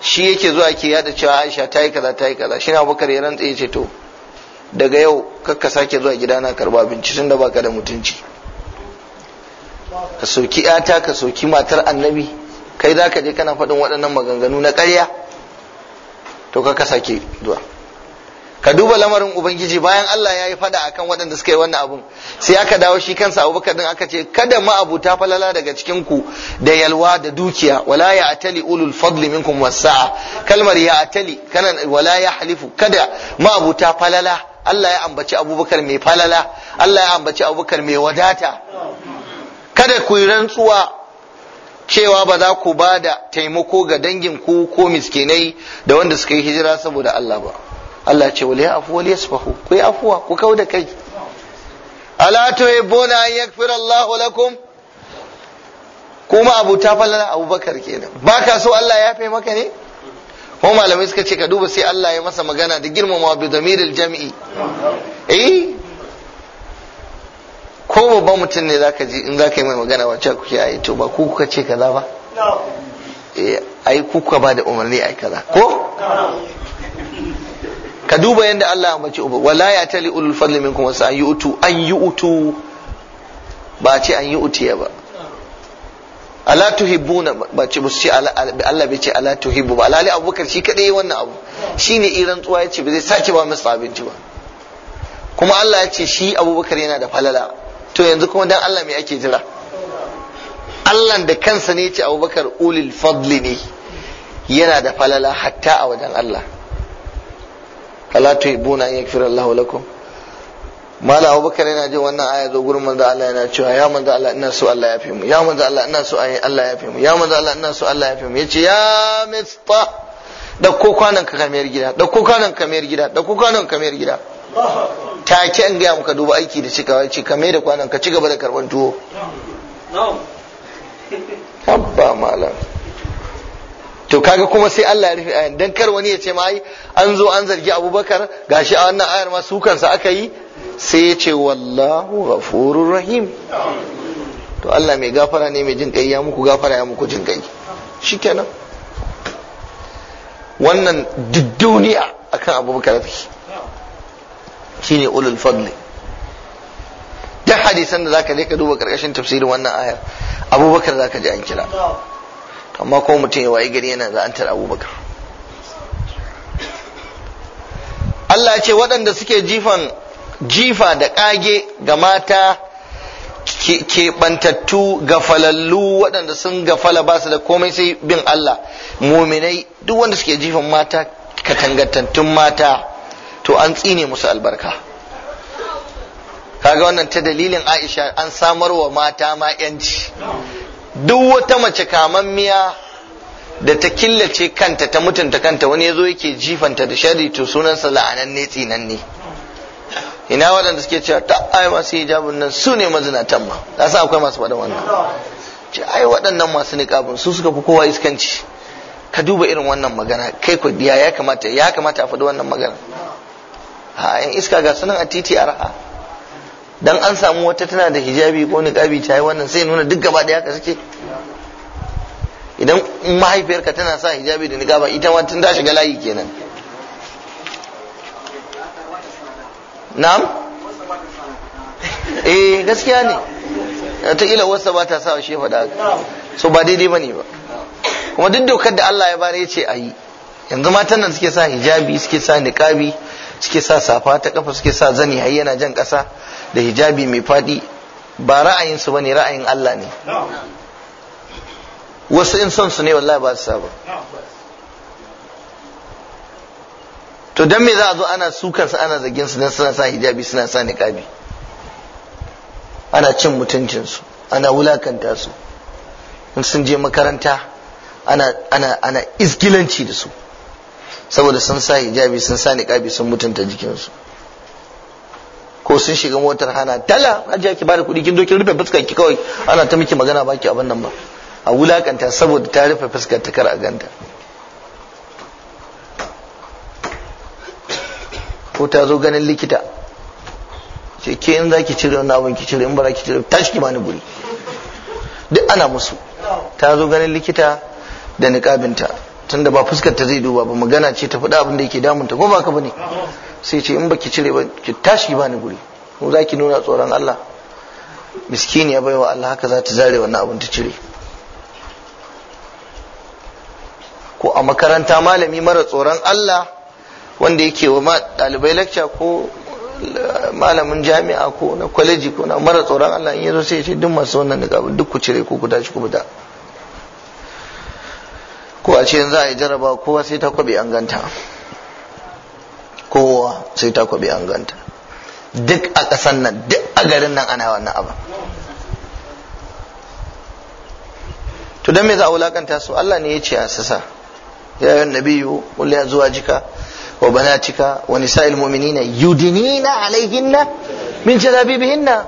shi yake zuwa ke yada cewa aisha ta yi kaza ta yi kaza shi na abubakar ya rantse ya ce to daga yau kakka sake zuwa gida na karba abinci tunda baka da mutunci ka soki yata ka soki matar annabi kai za ka je kana faɗin waɗannan maganganu na ƙarya to kakka sake zuwa ka duba lamarin ubangiji bayan Allah ya yi fada akan waɗanda suka yi wannan abun sai aka dawo shi kansa abubakar din aka ce kada ta falala daga cikin ku da yalwa da dukiya wala ya atali ulul fadli minkum wasa'a kalmar ya atali kana wala ya halifu kada ta falala Allah ya ambaci abubakar mai falala Allah ya ambaci abubakar mai wadata kada ku yi rantsuwa cewa ba za ku ba da taimako ga dangin ku ko miskinai da wanda suka yi hijira saboda Allah ba Allah ce wal ya'fu ya yasfahu ku yi afwa ku kauda kai ala tuhibbuna an yaghfira Allah lakum kuma abu ta fallala abubakar kenan baka so Allah ya fe maka ne ko malamai suka ce ka duba sai Allah ya masa magana da girmamawa bi damiril jami'i eh ko babban mutum ne zaka ji in zaka yi mai magana wacce kuke ai to ba ku kuka ce kaza ba eh ai kuka ba da umarni ai kaza ko ka duba yadda Allah mace uba wala ya tali ulul fadli minkum sa an yu'tu an yu'tu ba ce an ya ba ala tuhibbuna ba ce musu ce Allah bai ce ala tuhibbu ba alali abubakar shi kadai wannan abu shine iran tsuwa ce ba zai sace ba masu abinci ba kuma Allah ya ce shi abubakar yana da falala to yanzu kuma dan Allah mai ake jira Allah da kansa ne ya ce abubakar ulil fadli ne yana da falala hatta a wajen Allah ala tuhibuna an yakfir Allah lakum mala abubakar yana jin wannan aya zo gurin manzo Allah yana cewa ya manzo Allah ina so Allah ya fi mu ya manzo Allah ina so Allah ya fi mu ya manzo Allah ina so Allah ya fi mu yace ya mista dauko kwanan ka kamar gida dauko kwanan kamar gida dauko kwanan kamar gida take an gaya muka duba aiki da cikawa ce kame da kwanan ka ci gaba da karban tuwo abba malam to kaga kuma sai Allah ya rufe ayan dan kar wani ya ce ma ai an zo an zargi Abubakar gashi a wannan ayar ma su kansa aka yi sai ya ce wallahu ghafurur rahim to Allah mai gafara ne mai jin kai ya muku gafara ya muku jin kai shikenan wannan duniya akan Abubakar shine ulul fadli duk hadisan da zaka je ka duba karkashin tafsirin wannan ayar Abubakar zaka ji an kira amma ko mutum ya wayi gari yana la'antar abubakar Allah ce waɗanda suke jifan jifa da ƙage ga mata keɓantattu gafalallu waɗanda sun gafala ba su da komai sai bin Allah muminai duk wanda suke jifan mata katangantattun mata to an tsine musu albarka kaga wannan ta dalilin aisha an samar wa mata ma yanci duk wata mace kamammiya da ta killace kanta ta mutunta kanta wani ya zo yake jifanta da shari to sunansa la'ananne tsinanne ina waɗanda suke cewa ta ai masu hijabun nan su ne mazinatan ma da sa akwai masu faɗin wannan ce ai waɗannan masu niƙabin su suka fi kowa iskanci ka duba irin wannan magana kai ku ya kamata ya kamata a faɗi wannan magana a yan iska ga sunan a titi a raha dan an samu wata tana da hijabi ko niqabi ta yi wannan sai nuna duk gaba daya haka suke idan mahaifiyarka tana sa hijabi da niqaba ita ma tun ta shiga layi kenan na'am eh gaskiya ne ta ila wasa ba ta sa shi faɗa so ba daidai bane ba kuma duk dokar da Allah ya bare ya ce ayi yanzu matan nan suke sa hijabi suke sa niqabi suke sa safa ta kafa suke sa zani har yana jan ƙasa da hijabi mai faɗi ba ra'ayinsu ba ne ra'ayin Allah ne wasu in son su ne wallahi ba su ba to dan me za a zo ana sukar su ana zagin su dan suna sa hijabi suna sa niqabi ana cin mutuncin ana wulakanta su in sun je makaranta ana ana ana izgilanci da su saboda sun sa hijabi sun sa niqabi sun mutunta jikinsu ko sun shiga motar hana dala ji ki bada kuɗi kin doki, rufe fuskar ki kawai ana ta miki magana baki abin nan ba a wulakanta saboda ta rufe fuskar ta kar a ganta ko ta zo ganin likita ce ke in zaki cire wannan abin ki cire in ba ki cire tashi ki bani guri duk ana musu ta zo ganin likita da niƙabinta tunda ba fuskar ta zai duba ba magana ce ta faɗa abin da yake damunta ko ba ka bane sai ce in baki cire ba ki tashi ni guri ko za ki nuna tsoron Allah miskini ya baiwa Allah haka za ta zare wannan abin ta cire ko a makaranta malami mara tsoron Allah wanda yake wa ɗalibai lecture ko malamin jami'a ko na kwaleji ko na mara tsoron Allah in yazo sai ya ce duk masu wannan niqabin duk ku cire ko ku tashi ku guda ko a ce yanzu a yi jaraba kowa sai ta kwabe an ganta kowa sai ta kwabe an ganta duk a ƙasan nan duk a garin nan ana wannan abin to don me za a wulakanta su Allah ne ya ce a sasa ya yi nabiyu kulli ya zuwa jika wa banatika wa nisa'il mu'minina yudinina alaihinna min jalabibihinna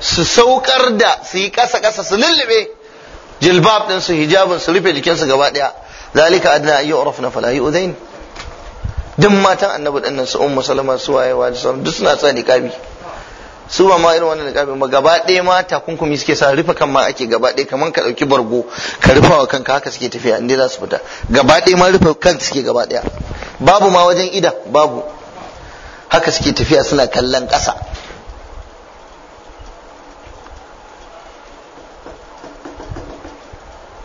su saukar da su yi kasa kasa su lullube jilbab din su hijabin su rufe jikinsu gaba daya zalika adna ayyu urfna fala yu'dain duk matan annabi nan su ummu salama su wayewa wa sauran duk suna sa niqabi su ba ma irin wannan niqabi ba gaba ɗaya ma takunkumi suke sa rufe kan ma ake gaba ɗaya kaman ka ɗauki bargo ka rufa wa kanka haka suke tafiya inda za su fita gaba ɗaya ma rufe kan suke gaba ɗaya babu ma wajen ida babu haka suke tafiya suna kallon ƙasa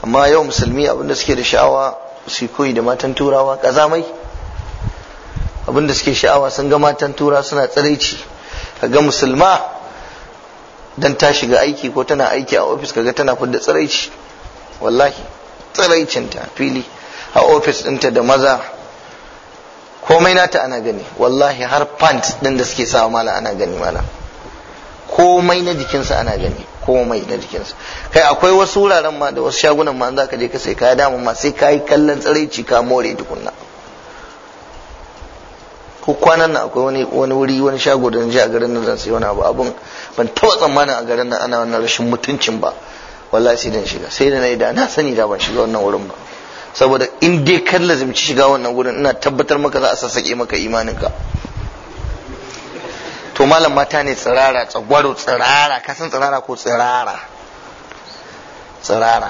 amma yau musulmi abinda suke da sha'awa su koyi da matan turawa ƙazamai abinda suke sha'awa sun ga matan tura suna tsiraici kaga musulma dan ta shiga aiki ko tana aiki a ofis kaga tana fudda tsiraici wallahi tsiraicinta fili a ofis ɗinta da maza komai nata ana gani wallahi har pant ɗin da suke sawa mala ana gani mala komai na jikinsa ana gani komai na jikinsa kai akwai wasu wuraren ma da wasu shagunan ma an za ka je ka sai kaya dama ma sai ka yi kallon tsiraici ka more tukunna ko kwanan nan akwai wani wani wuri wani shago da je a garin nan zan sai wani abu abun ban taba tsammanin a garin nan ana wannan rashin mutuncin ba wallahi sai dan shiga sai da yi da na sani da ban shiga wannan wurin ba saboda in dai kan lazimci shiga wannan wurin ina tabbatar maka za a sassake maka imanin ka to malam mata ne tsirara tsagwaro tsirara ka san tsirara ko tsirara tsirara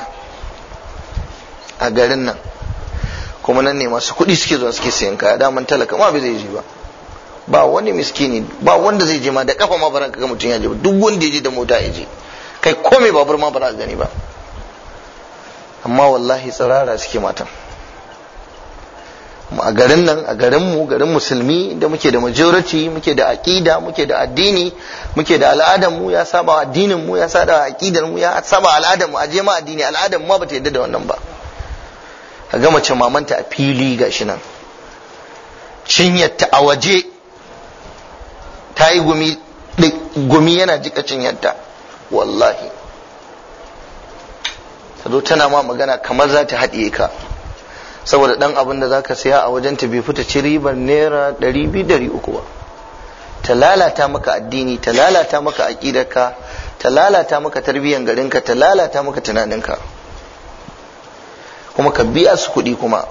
a garin nan kuma nan ne masu kuɗi suke zuwa suke sayan kaya daman talaka ma bai zai je ba ba wani miskini ba wanda zai je ma da kafa ma baran kaga mutum ya je duk wanda ya je da mota ya je kai komai babur ma ba gani ba amma wallahi tsirara suke matan a garin nan a garin mu garin musulmi da muke da majority muke da aqida muke da addini muke da al'adar mu ya saba addinin mu ya saba aqidar mu ya saba al'adar mu aje ma addini al'adar mu ba bata yadda da wannan ba ka ga mace mamanta a fili gashi nan cinyarta a waje ta yi gumi gumi yana jika cinyarta wallahi ta zo tana ma magana kamar za ta haɗiye ka saboda ɗan abin da za ka siya a wajenta bai fita ci ribar naira ɗari biyu ba ta lalata maka addini ta lalata maka aƙidarka ta lalata maka tarbiyyar garinka ta lalata maka tunaninka kuma ka biya su kuɗi kuma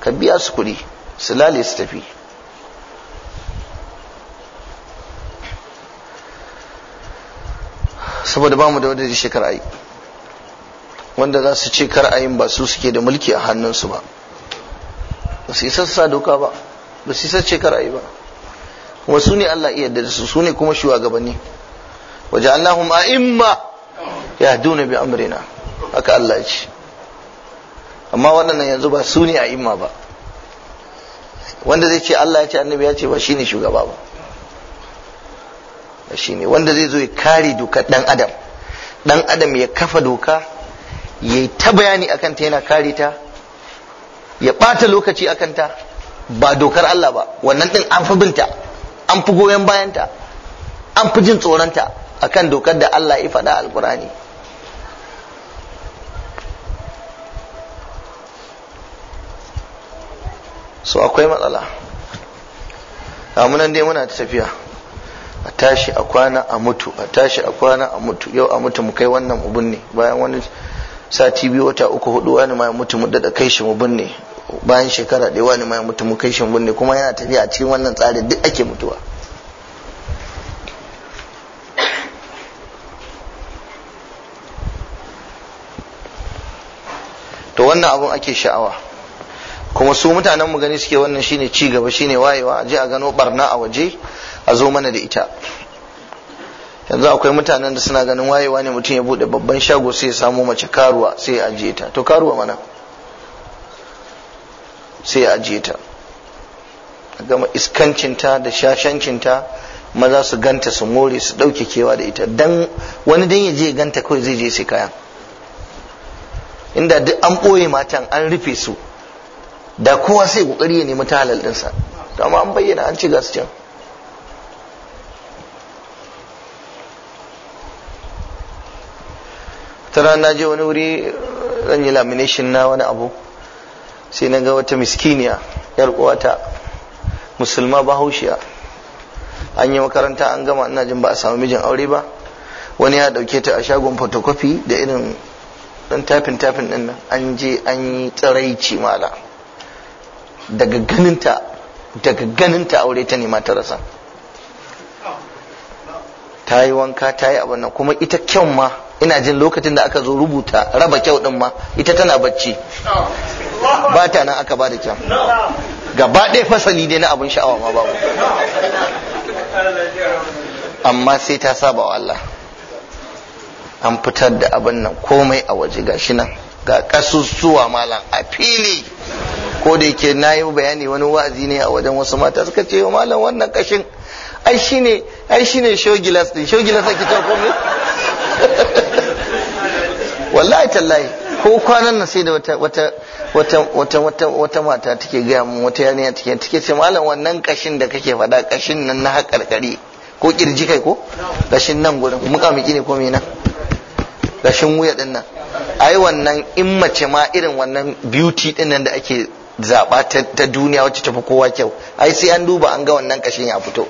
ka biya su kuɗi su lale su tafi saboda ba mu da wadda shi kar'ayi wanda za su ce kar'ayin ba su suke da mulki a hannunsu ba ba su isa sa doka ba ba su isa ce kar'ayi ba kuma su ne Allah iya da su su ne kuma shugabanni waje Allahum a'imma ya duna bi amrina haka Allah ya ce amma wannan yanzu ba su ne a imma ba wanda zai ce Allah ya ce annabi ya ce ba shi ne shugaba ba ba ne wanda zai zo ya kare dokar dan adam ɗan adam ya kafa doka ya ta bayani a ta yana kare ta ya ɓata lokaci a ta ba dokar Allah ba wannan ɗin an fi binta an fi goyon bayanta an fi jin tsoronta akan dokar da Allah ya faɗa alkurani so akwai matsala nan dai muna ta tafiya a tashi a kwana a mutu a tashi a kwana a mutu yau a mutu mu kai wannan mu binne bayan wani sati biyu wata uku hudu wani ma mutu mu dada kai shi mu binne bayan shekara ɗaya wani ma mutu mu kai shi mu binne kuma yana tafiya a cikin wannan tsarin duk ake mutuwa to wannan abun ake sha'awa kuma su mutanen mu gani suke wannan shine ci gaba shine wayewa je a gano barna a waje a zo mana da ita yanzu akwai mutanen da suna ganin wayewa ne mutum ya bude babban shago sai ya samo mace karuwa sai ya ajiye ta to karuwa mana sai ya ajiye ta gama iskancinta da shashancinta maza su ganta su more su ɗauke kewa da ita dan wani dan ya je ganta kawai zai je sai kayan inda duk an ɓoye matan an rufe su da kowa sai kokari ya nemi ta halal dinsa to amma an bayyana an ci gasu can tara na je wani wuri zan yi lamination na wani abu sai na ga wata miskiniya yar uwata musulma bahaushiya an yi makaranta an gama ina jin ba a samu mijin aure ba wani ya dauke ta a shagon photocopy da irin dan tafin tafin din nan an je an yi tsiraici mala daga ganinta daga ganinta aure ta nema ta rasa ta yi wanka ta yi abin nan kuma ita kyau ma ina jin lokacin da aka zo rubuta raba kyau din ma ita tana bacci ba ta nan aka ba da kyau gaba ɗaya fasali dai na abin sha'awa ma babu amma sai ta saba wa Allah an fitar da abin nan komai a waje gashi nan ga kasussuwa malam a fili ko da yake na yi bayani wani wa'azi ne a wajen wasu mata suka ce wa malam wannan kashin ai shi ne ai shi shine shogilas din shogilas ake ta ne wallahi tallahi ko kwanan nan sai da wata wata wata wata wata wata mata take ga mu wata yarinya take take ce malam wannan kashin da kake faɗa kashin nan na haƙarƙari ko kirji kai ko kashin nan gurin muka miki ne ko me nan kashin wuya din nan ai wannan in mace ma irin wannan beauty din nan da ake zaba ta duniya wacce tafi kowa kyau ai sai an duba an ga wannan kashin ya fito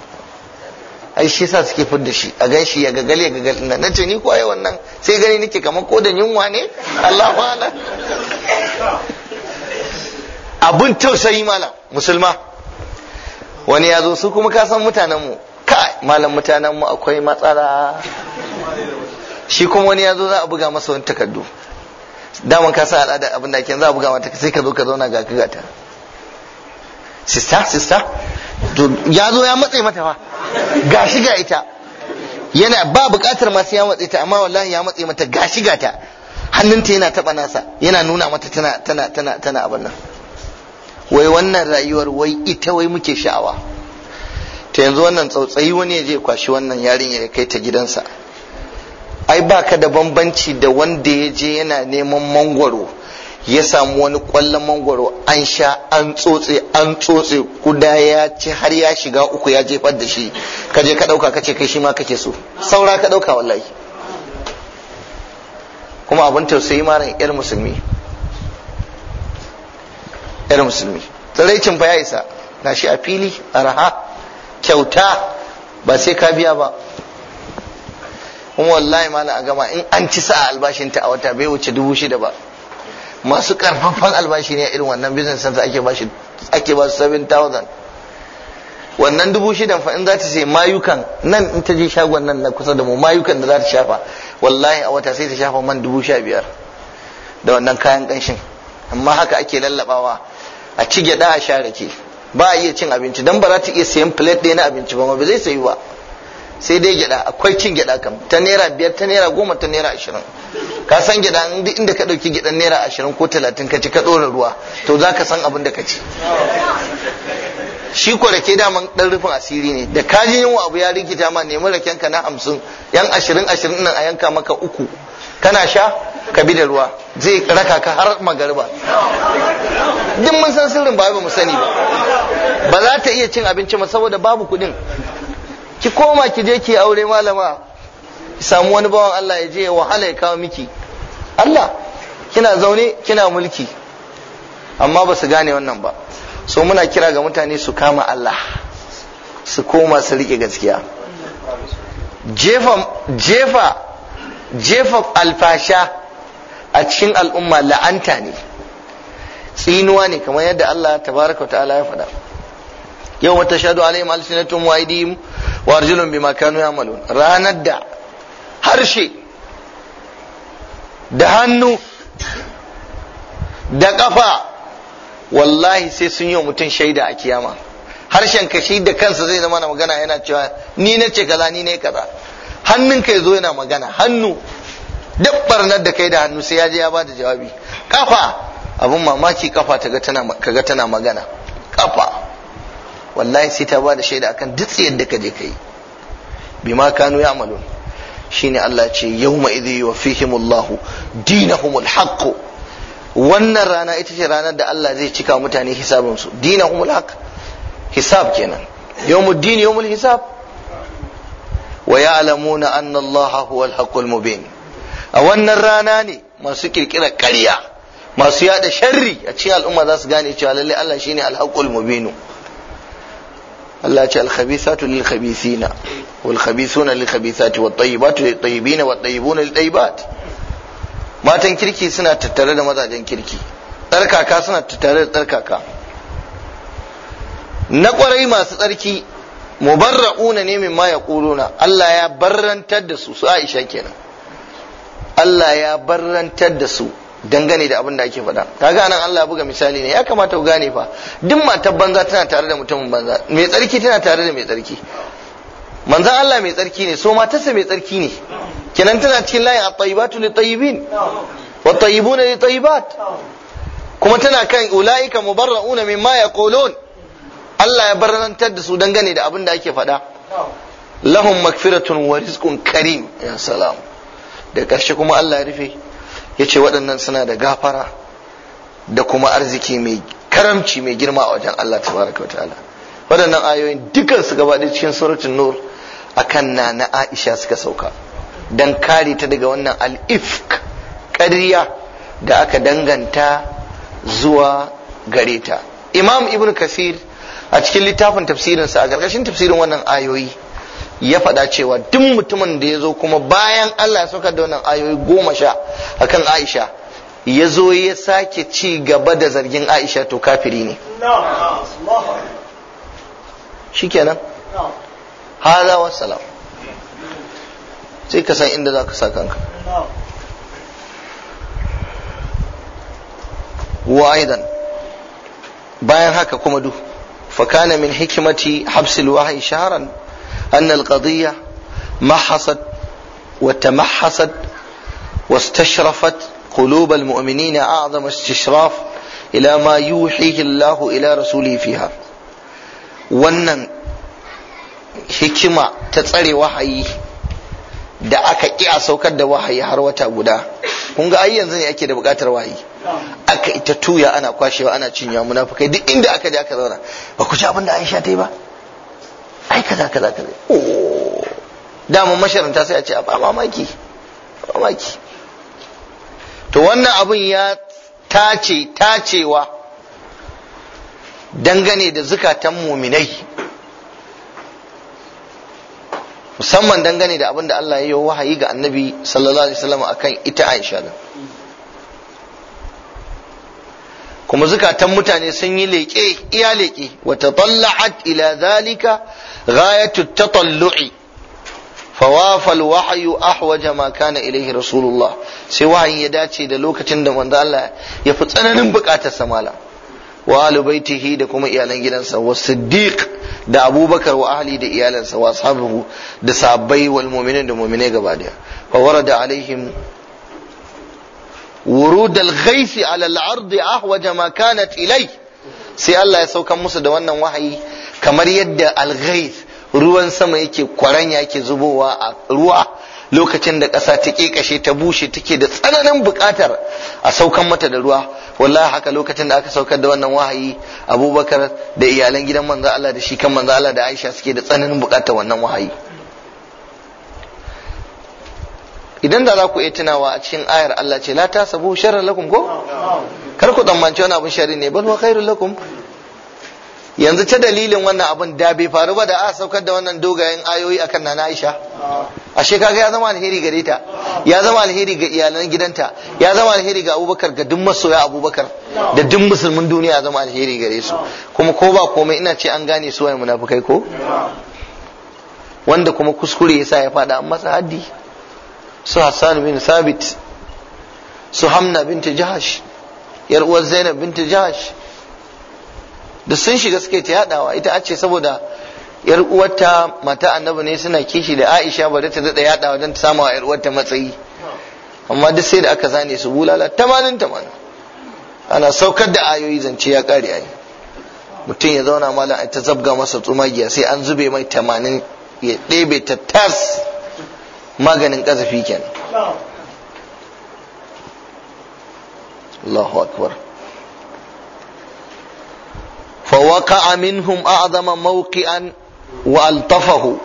ai shi yasa suke fidda shi a gan shi ya gagal ya gagal na nace ni ko ai wannan sai gani nake kamar ko da yunwa ne Allah alam abun tausayi malam musulma wani ya zo su kuma ka san mutanen mu kai malam mutanen mu akwai matsala shi kuma wani ya zo za a buga masa wani takardu daman ka sa al'ada abin da ake za a buga mata sai ka zo ka zauna ga kaga ta sista sista to ya zo ya matse mata fa gashi ga ita yana ba buƙatar masu ya matse ta amma wallahi ya matse mata gashi ga ta hannunta yana taba nasa yana nuna mata tana tana tana tana abin nan wai wannan rayuwar wai ita wai muke sha'awa ta yanzu wannan tsautsayi wani ya je kwashi wannan yarinya ya kai ta gidansa ai ba ka da bambanci da wanda ya je yana neman mangwaro ya samu wani kwallon mangwaro an sha an tsotse an tsotse kuda ya ci har ya shiga uku ya jefar da shi ka je ka ɗauka ka ce kai shi ma kake so saura ka ɗauka wallahi kuma abin tausayi ran yar musulmi yar musulmi tsiraicin fa ya isa na shi a fili araha kyauta ba sai ka biya ba kuma wallahi mana a gama in an ci albashin albashinta a wata bai wuce dubu shida ba masu karfafan albashi ne irin wannan business center ake ba shi ake ba su 7000 wannan dubu shidan fa in za ta sai mayukan nan in ta je shagon nan na kusa da mu mayukan da za ta shafa wallahi a wata sai ta shafa man dubu sha biyar da wannan kayan kanshin amma haka ake lallabawa a ci gyada a share rake ba a iya cin abinci dan ba za ta iya sayan plate ɗaya na abinci ba ma ba zai sayu ba sai dai gyada akwai cin gyada kam ta naira biyar ta naira goma ta naira ashirin ka san gyada inda ka ɗauki gyadan naira ashirin ko talatin ka ci ka ɗora ruwa to za ka san abin da ka ci shi ko rake daman dan rufin asiri ne da ka ji yunwa abu ya rikita ma nemi raken ka na hamsin yan ashirin ashirin nan a yanka maka uku kana sha ka bi da ruwa zai raka ka har magariba duk mun san sirrin ba mu sani ba ba za ta iya cin abinci ma saboda babu kuɗin ki koma ki je ki aure malama samu wani bawan Allah ya je ya wahala ya kawo miki Allah kina zaune kina mulki amma ba su gane wannan ba so muna kira ga mutane su kama Allah su koma su rike gaskiya jefa jefa jefa alfasha a cikin al'umma la'anta ne tsinuwa ne kamar yadda Allah tabaraka wa ta'ala ya faɗa yau wata shaɗu alaihim alsinatun wa aidihim wa arjulun bima kanu yamalun ranar da harshe da hannu da kafa wallahi sai sun yi mutum shaida a kiyama harshen ka da kansa zai zama na magana yana cewa ni na ce kaza ni ne kaza hannun ka zo yana magana hannu dabbar nan da kai da hannu sai ya je ya bada jawabi kafa abun mamaki kafa kaga tana magana kafa wallahi sai ta ba da shaida akan duk tsiyar da ka je kai bima kanu Shi ne Allah ce yawma idhi yuwaffihimullahu dinahumul haqq wannan rana ita ce ranar da Allah zai cika mutane hisabin su dinahumul hisab kenan yawmud din yawmul hisab wa ya'lamuna anna Allah huwal haqqul mubin a wannan rana ne masu ƙirƙirar karya. masu yada sharri a cikin al'umma za su gane cewa lalle Allah shine al mubinu Allah ya ce al-khabithatu lil khabithina wal khabithuna lil khabithati wat tayyibatu lit tayyibina wat tayyibuna lil tayyibat matan kirki suna tattare da mazajen kirki tsarkaka suna tattare da tsarkaka na kwarai masu tsarki mubarra'una ne min ma yaquluna Allah ya barrantar da su su Aisha kenan Allah ya barrantar da su dangane da abin da ake faɗa kaga nan Allah buga misali ne ya kamata ku gane fa duk matar banza tana tare da mutumin banza mai tsarki tana tare da mai tsarki manzan Allah mai tsarki ne so matarsa mai tsarki ne kenan tana cikin layin at-tayyibatu lit-tayyibin at tayyibuna lit-tayyibat kuma tana kan ulaika mubarra'una mimma yaqulun Allah ya barantar da su dangane da abin da ake faɗa lahum magfiratun wa rizqun karim ya salam da ƙarshe kuma Allah ya rufe ya ce waɗannan suna da gafara da kuma arziki mai karamci mai girma a wajen Allah tabaraka wa ta'ala waɗannan ayoyin dukkan su gaba da cikin suratun nur akan na na Aisha suka sauka dan kare ta daga wannan al da aka danganta zuwa gare ta imam ibn kasir a cikin littafin tafsirinsa a ƙarƙashin tafsirin wannan ayoyi ya faɗa cewa duk mutumin da ya zo kuma bayan Allah suka da wannan ayoyi goma sha akan Aisha ya zo ya sake ci gaba da zargin Aisha to kafiri ne shikenan hada salam. sai ka san inda za ka sa kanka wa aidan bayan haka kuma du fa min hikimati habsil wahyi shahran أن القضية محصت وتمحصت واستشرفت قلوب المؤمنين أعظم استشراف إلى ما يوحيه الله إلى رسوله فيها wannan hikima ta tsare wahayi da aka ƙi a saukar da wahayi har wata guda kun ga ai yanzu ne ake da buƙatar wahayi aka ita tuya ana kwashewa ana cinya munafukai duk inda aka je aka zauna ba ku ci abin da Aisha ta yi ba ai kaza kaza kaza oh dama masharanta sai a ce ba mamaki mamaki to wannan abun ya tace tacewa dangane da zukatan muminai musamman dangane da abin da Allah ya yi wahayi ga annabi sallallahu alaihi wasallam akan ita Aisha din kuma zukatan mutane sun yi leƙe iya leƙe wa tatalla'at ila zalika ghayatu tatallu'i fawafal wahayu ahwaja ma kana ilaihi rasulullah sai wahayi ya dace da lokacin da manzo Allah ya fi tsananin bukatar sa mala wa ahli baitihi da kuma iyalan gidansa wa siddiq da abubakar wa ahli da iyalansa wa ashabuhu da sahabbai wal mu'minin da muminai gaba daya fa warada alaihim ورود الغيث على ala al ما كانت ma سي الله sai Allah ya saukan musu da wannan wahayi kamar yadda al ruwan sama yake kwaranya yake zubowa a ruwa lokacin da ƙasa ta ƙeƙashe ta bushe take da tsananin buƙatar a saukan mata da ruwa wallahi haka lokacin da aka saukar da wannan wahayi abubakar da iyalan gidan manzo Allah da shi kan manzo Allah da Aisha suke da tsananin buƙatar wannan wahayi idan da za ku iya tunawa a cikin ayar Allah ce la sabu sharran lakum ko kar ku tsammanci wani abin sharri ne bal wa khairul lakum yanzu ta dalilin wannan abin da bai faru ba da a saukar da wannan dogayen ayoyi akan nana Aisha ashe kaga ya zama alheri gare ta ya zama alheri ga iyalan gidanta ya zama alheri ga Abubakar ga duk masoya Abubakar da duk musulmin duniya ya zama alheri gare su kuma ko ba komai ina ce an gane su wai munafukai ko wanda kuma kuskure yasa ya faɗa an masa haddi su Hassan bin Thabit su Hamna binta Jahash yar uwar Zainab binta Jahash da sun shiga suke ta yadawa ita a ce saboda yar uwarta mata annabi ne suna kishi da Aisha ba da ta dada yadawa don ta samu yar uwarta matsayi amma duk sai da aka zane su bulala tamanin tamanin ana saukar da ayoyi zance ya kare ayi mutum ya zauna malam ta zabga masa tsumagiya sai an zube mai tamanin ya ɗebe ta tas maganin kazafi kenan Allahu akbar فوقع منهم أعظم موقعا وألطفه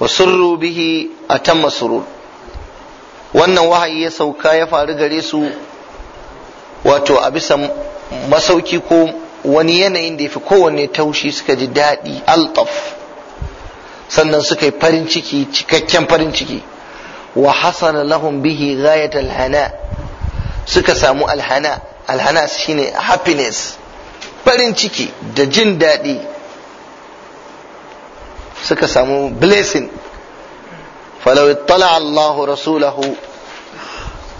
وسروا به أتم سرور wannan wahayi ya sauka ya faru gare su wato a bisa masauki ko wani yanayin da ya fi kowanne taushi suka ji daɗi altaf sannan suka yi farin ciki cikakken farin ciki wa hasana lahum bihi ghayat alhana suka samu alhana alhana shine happiness farin ciki da jin daɗi suka samu blessing falau ittala Allahu rasulahu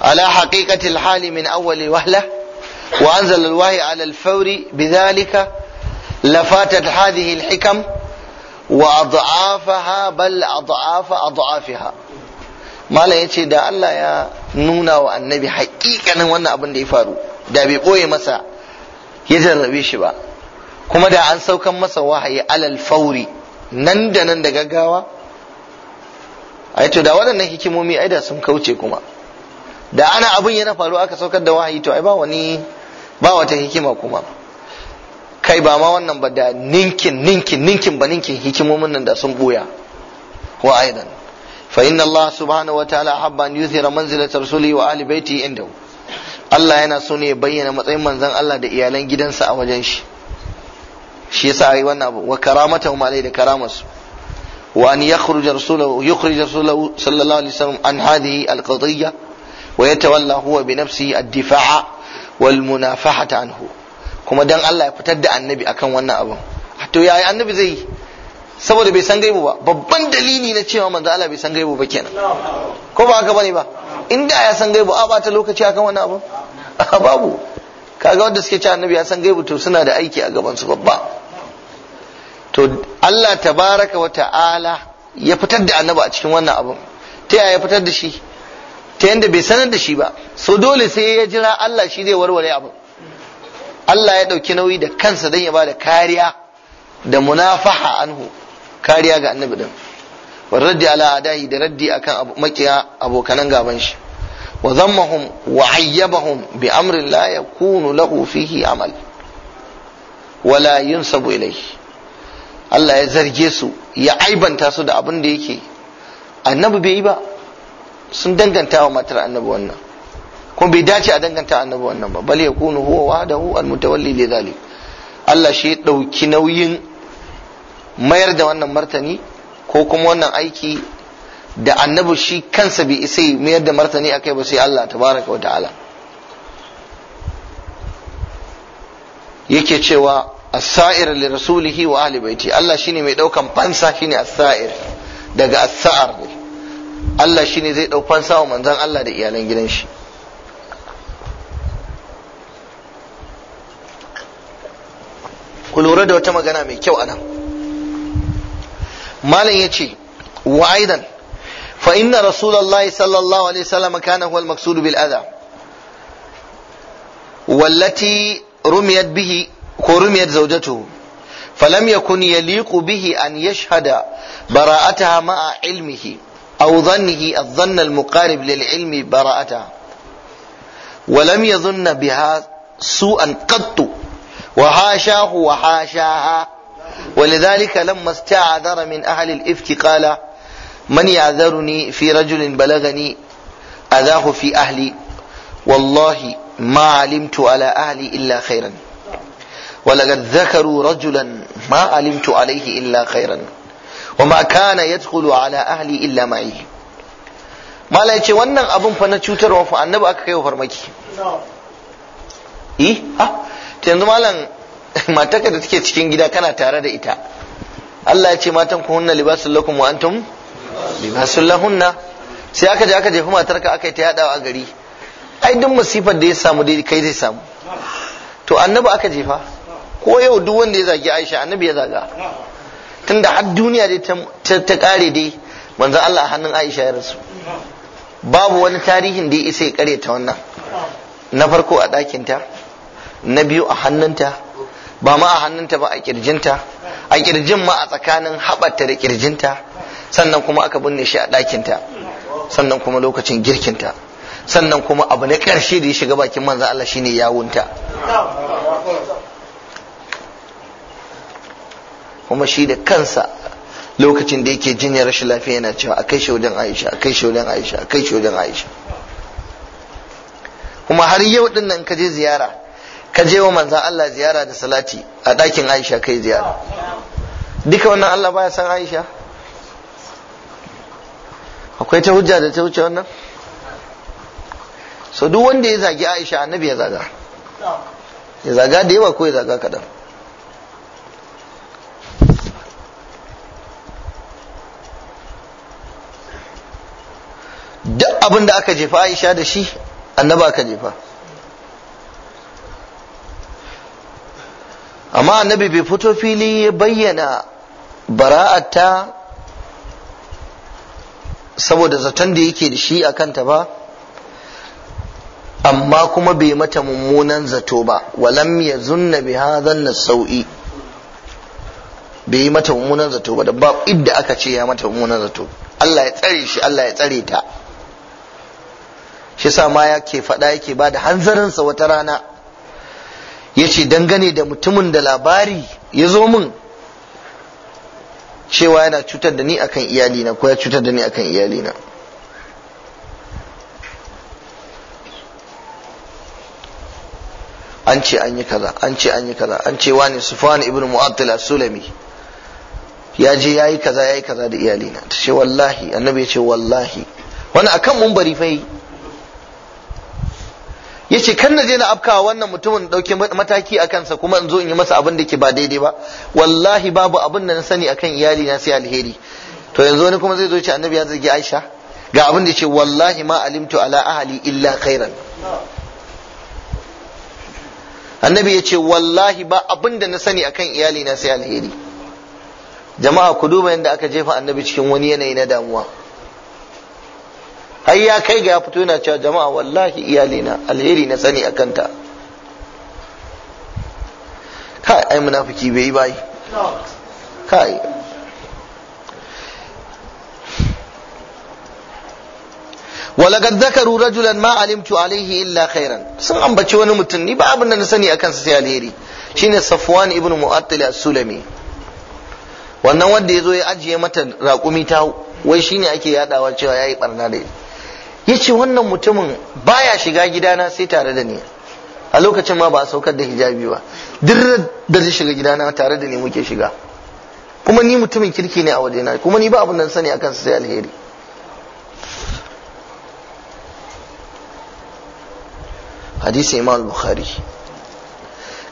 على min الحال من Wa وهلة وأنزل الوحي على الفور بذلك lafatat هذه الحكم wa ad'afaha bal ad'afa ad'afiha malam yace da Allah ya nuna wa annabi haƙiƙanin wannan abin da ya faru da bai ɓoye masa ya jarrabe shi ba kuma da an saukan masa wahayi alal fauri nan da nan da gaggawa ai to da waɗannan hikimomi aida sun kauce kuma da ana abin yana faru aka saukar da wahayi to ai ba wani ba wata hikima kuma kai ba ma wannan ba da ninkin ninkin ninkin ba ninkin hikimomin nan da sun buya wa aidan fa inna Allah subhanahu wataala habba an yuthira manzilata rasulihi wa ahli baiti indahu Allah yana so ne ya bayyana matsayin manzon Allah da iyalan gidansa a wajen shi shi yasa ayi wannan abu wa karamatahum alai da karamarsu wa an yakhruja rasulahu yukhrij rasulahu sallallahu alaihi wasallam an hadhihi alqadiyya wa yatawalla huwa bi nafsihi ad-difa'a wal munafahata anhu kuma dan Allah ya fitar da annabi akan wannan abin to yayi annabi zai yi saboda bai san gaibu ba babban dalili na cewa manzo Allah bai san gaibu ba kenan ko ba haka bane ba inda ya san gaibu a ba ta lokaci akan wannan abin babu kaga wanda suke cewa annabi ya san gaibu to suna da aiki a gaban su babba to Allah tabaraka wa ta'ala ya fitar da annabi a cikin wannan abin ta yaya ya fitar da shi ta yanda bai sanar da shi ba so dole sai ya jira Allah shi zai warware abin Allah ya ɗauki nauyi da kansa don ya ba da kariya da munafaha anhu kariya ga annabi din wa raddi ala adahi da raddi akan makiya abokanan gaban shi wa zammahum wa ayyabahum bi amrin la yakunu lahu fihi amal wala yunsabu ilayhi Allah ya zarge su ya aibanta su da abin da yake annabi bai yi ba sun danganta wa matar annabi wannan kuma bai dace a danganta annabi wannan ba bal yakunu huwa wahdahu almutawalli li zalik Allah shi ya dauki nauyin mayar da wannan martani ko kuma wannan aiki da annabi shi kansa bai isa mayar da martani akai ba sai Allah tabaraka wa ta'ala yake cewa as-sa'ir li rasulihi wa ahli baiti Allah shine mai daukan fansa shine as-sa'ir daga as-sa'ar Allah shine zai dau fansa wa manzon Allah da iyalan gidan shi ku lura da wata magana mai kyau anan malam ya ce wa aidan fa inna rasulullahi sallallahu alaihi wasallam kana huwa al-maqsud bil adha wallati rumiyat bihi ko rumiyat zawjatuhu فلم يكن يليق به أن يشهد براءتها مع علمه أو ظنه الظن المقارب للعلم براءتها ولم يظن بها سوءا قط وحاشاه وحاشاها ولذلك لما استعذر من أهل الإفك قال من يعذرني في رجل بلغني أذاه في أهلي والله ما علمت على أهلي إلا خيرا ولقد ذكروا رجلا ما علمت عليه إلا خيرا وما كان يدخل على أهلي إلا معي ما لا يتشي wannan abun fa na cutarwa fa annabi aka kai farmaki eh ah yanzu malam matarka da take cikin gida kana tare da ita Allah ya ce matan ku hunna libasul lakum wa antum libasul lahunna sai aka je aka jefa matarka aka yi ta yadawa a gari ai duk musifar da ya samu dai kai zai samu to annabi aka jefa ko yau duk wanda ya zagi Aisha annabi ya zaga tunda har duniya dai ta kare dai manzon Allah hannun Aisha ya rasu babu wani tarihin da ya isa ya kare ta wannan na farko a ɗakinta ta na biyu a hannunta ba ma a hannunta ba a kirjinta a kirjin ma a tsakanin haɓarta da kirjinta sannan kuma aka binne shi a ɗakinta sannan kuma lokacin girkinta sannan kuma abu na ƙarshe da ya shiga bakin manzan Allah shine yawunta kuma shi da kansa lokacin da yake jinya rashin lafiya yana cewa akai shi wajen Aisha akai shi wajen Aisha akai shi wajen Aisha kuma har yau din nan ka je ziyara ka je wa manzan Allah ziyara da salati a ɗakin Aisha kai ziyara duka wannan Allah baya san Aisha akwai ta hujja da ta wuce wannan so duk wanda ya zagi Aisha annabi ya zaga ya zaga da yawa ko ya zaga kaɗan? duk abin da aka jefa Aisha da shi annaba aka jefa amma annabi bai fito fili ya bayyana bara'ata saboda zaton da yake da shi a kanta ba amma kuma bai mata mummunan zato ba walam ya zunna bi hadhan sau'i bai yi mata mummunan zato ba da ba idda aka ce ya mata mummunan zato Allah ya tsare shi Allah ya tsare ta shi sa ma yake faɗa yake ba da hanzarinsa wata rana ya ce dangane da mutumin da labari ya zo min cewa yana cutar da ni akan iyalina ko ya cutar da ni akan iyalina an ce an yi kaza an ce an yi kaza an ce wani sufwan ibn mu'attila sulami ya je ya yi kaza ya yi kaza da iyalina ta ce wallahi annabi ya ce wallahi wani akan mun bari fa yace kan na je na afkawa wannan mutumin dauke mataki a kansa kuma in zo in yi masa abin da ke ba daidai ba wallahi babu abin da na sani akan iyali na sai alheri to yanzu wani kuma zai zo ce annabi ya zargi Aisha ga abin da yace wallahi ma alimtu ala ahli illa khairan annabi yace wallahi ba abin da na sani akan iyali na sai alheri jama'a ku duba yanda aka jefa annabi cikin wani yanayi na damuwa har ya kai ga ya fito yana cewa jama'a wallahi iyalina alheri na sani akan ta kai ai munafiki bai yi bai kai ولقد ذكروا رجلا ما علمت عليه الا خيرا sun ambaci wani mutum ni ba abin da na sani akan sa sai alheri shine Safwan ibn mu'attil as-Sulami wannan wanda yazo ya ajiye mata raƙumi ta wai shine ake yadawa cewa yayi barna da ita ya ce wannan mutumin baya shiga gidana sai tare da ni a lokacin ma ba a saukar da hijabi ba dirra da zai shiga gidana tare da ni muke shiga kuma ni mutumin kirki ne a wajena kuma ni ba abin da sani akan sai alheri hadisi imam bukhari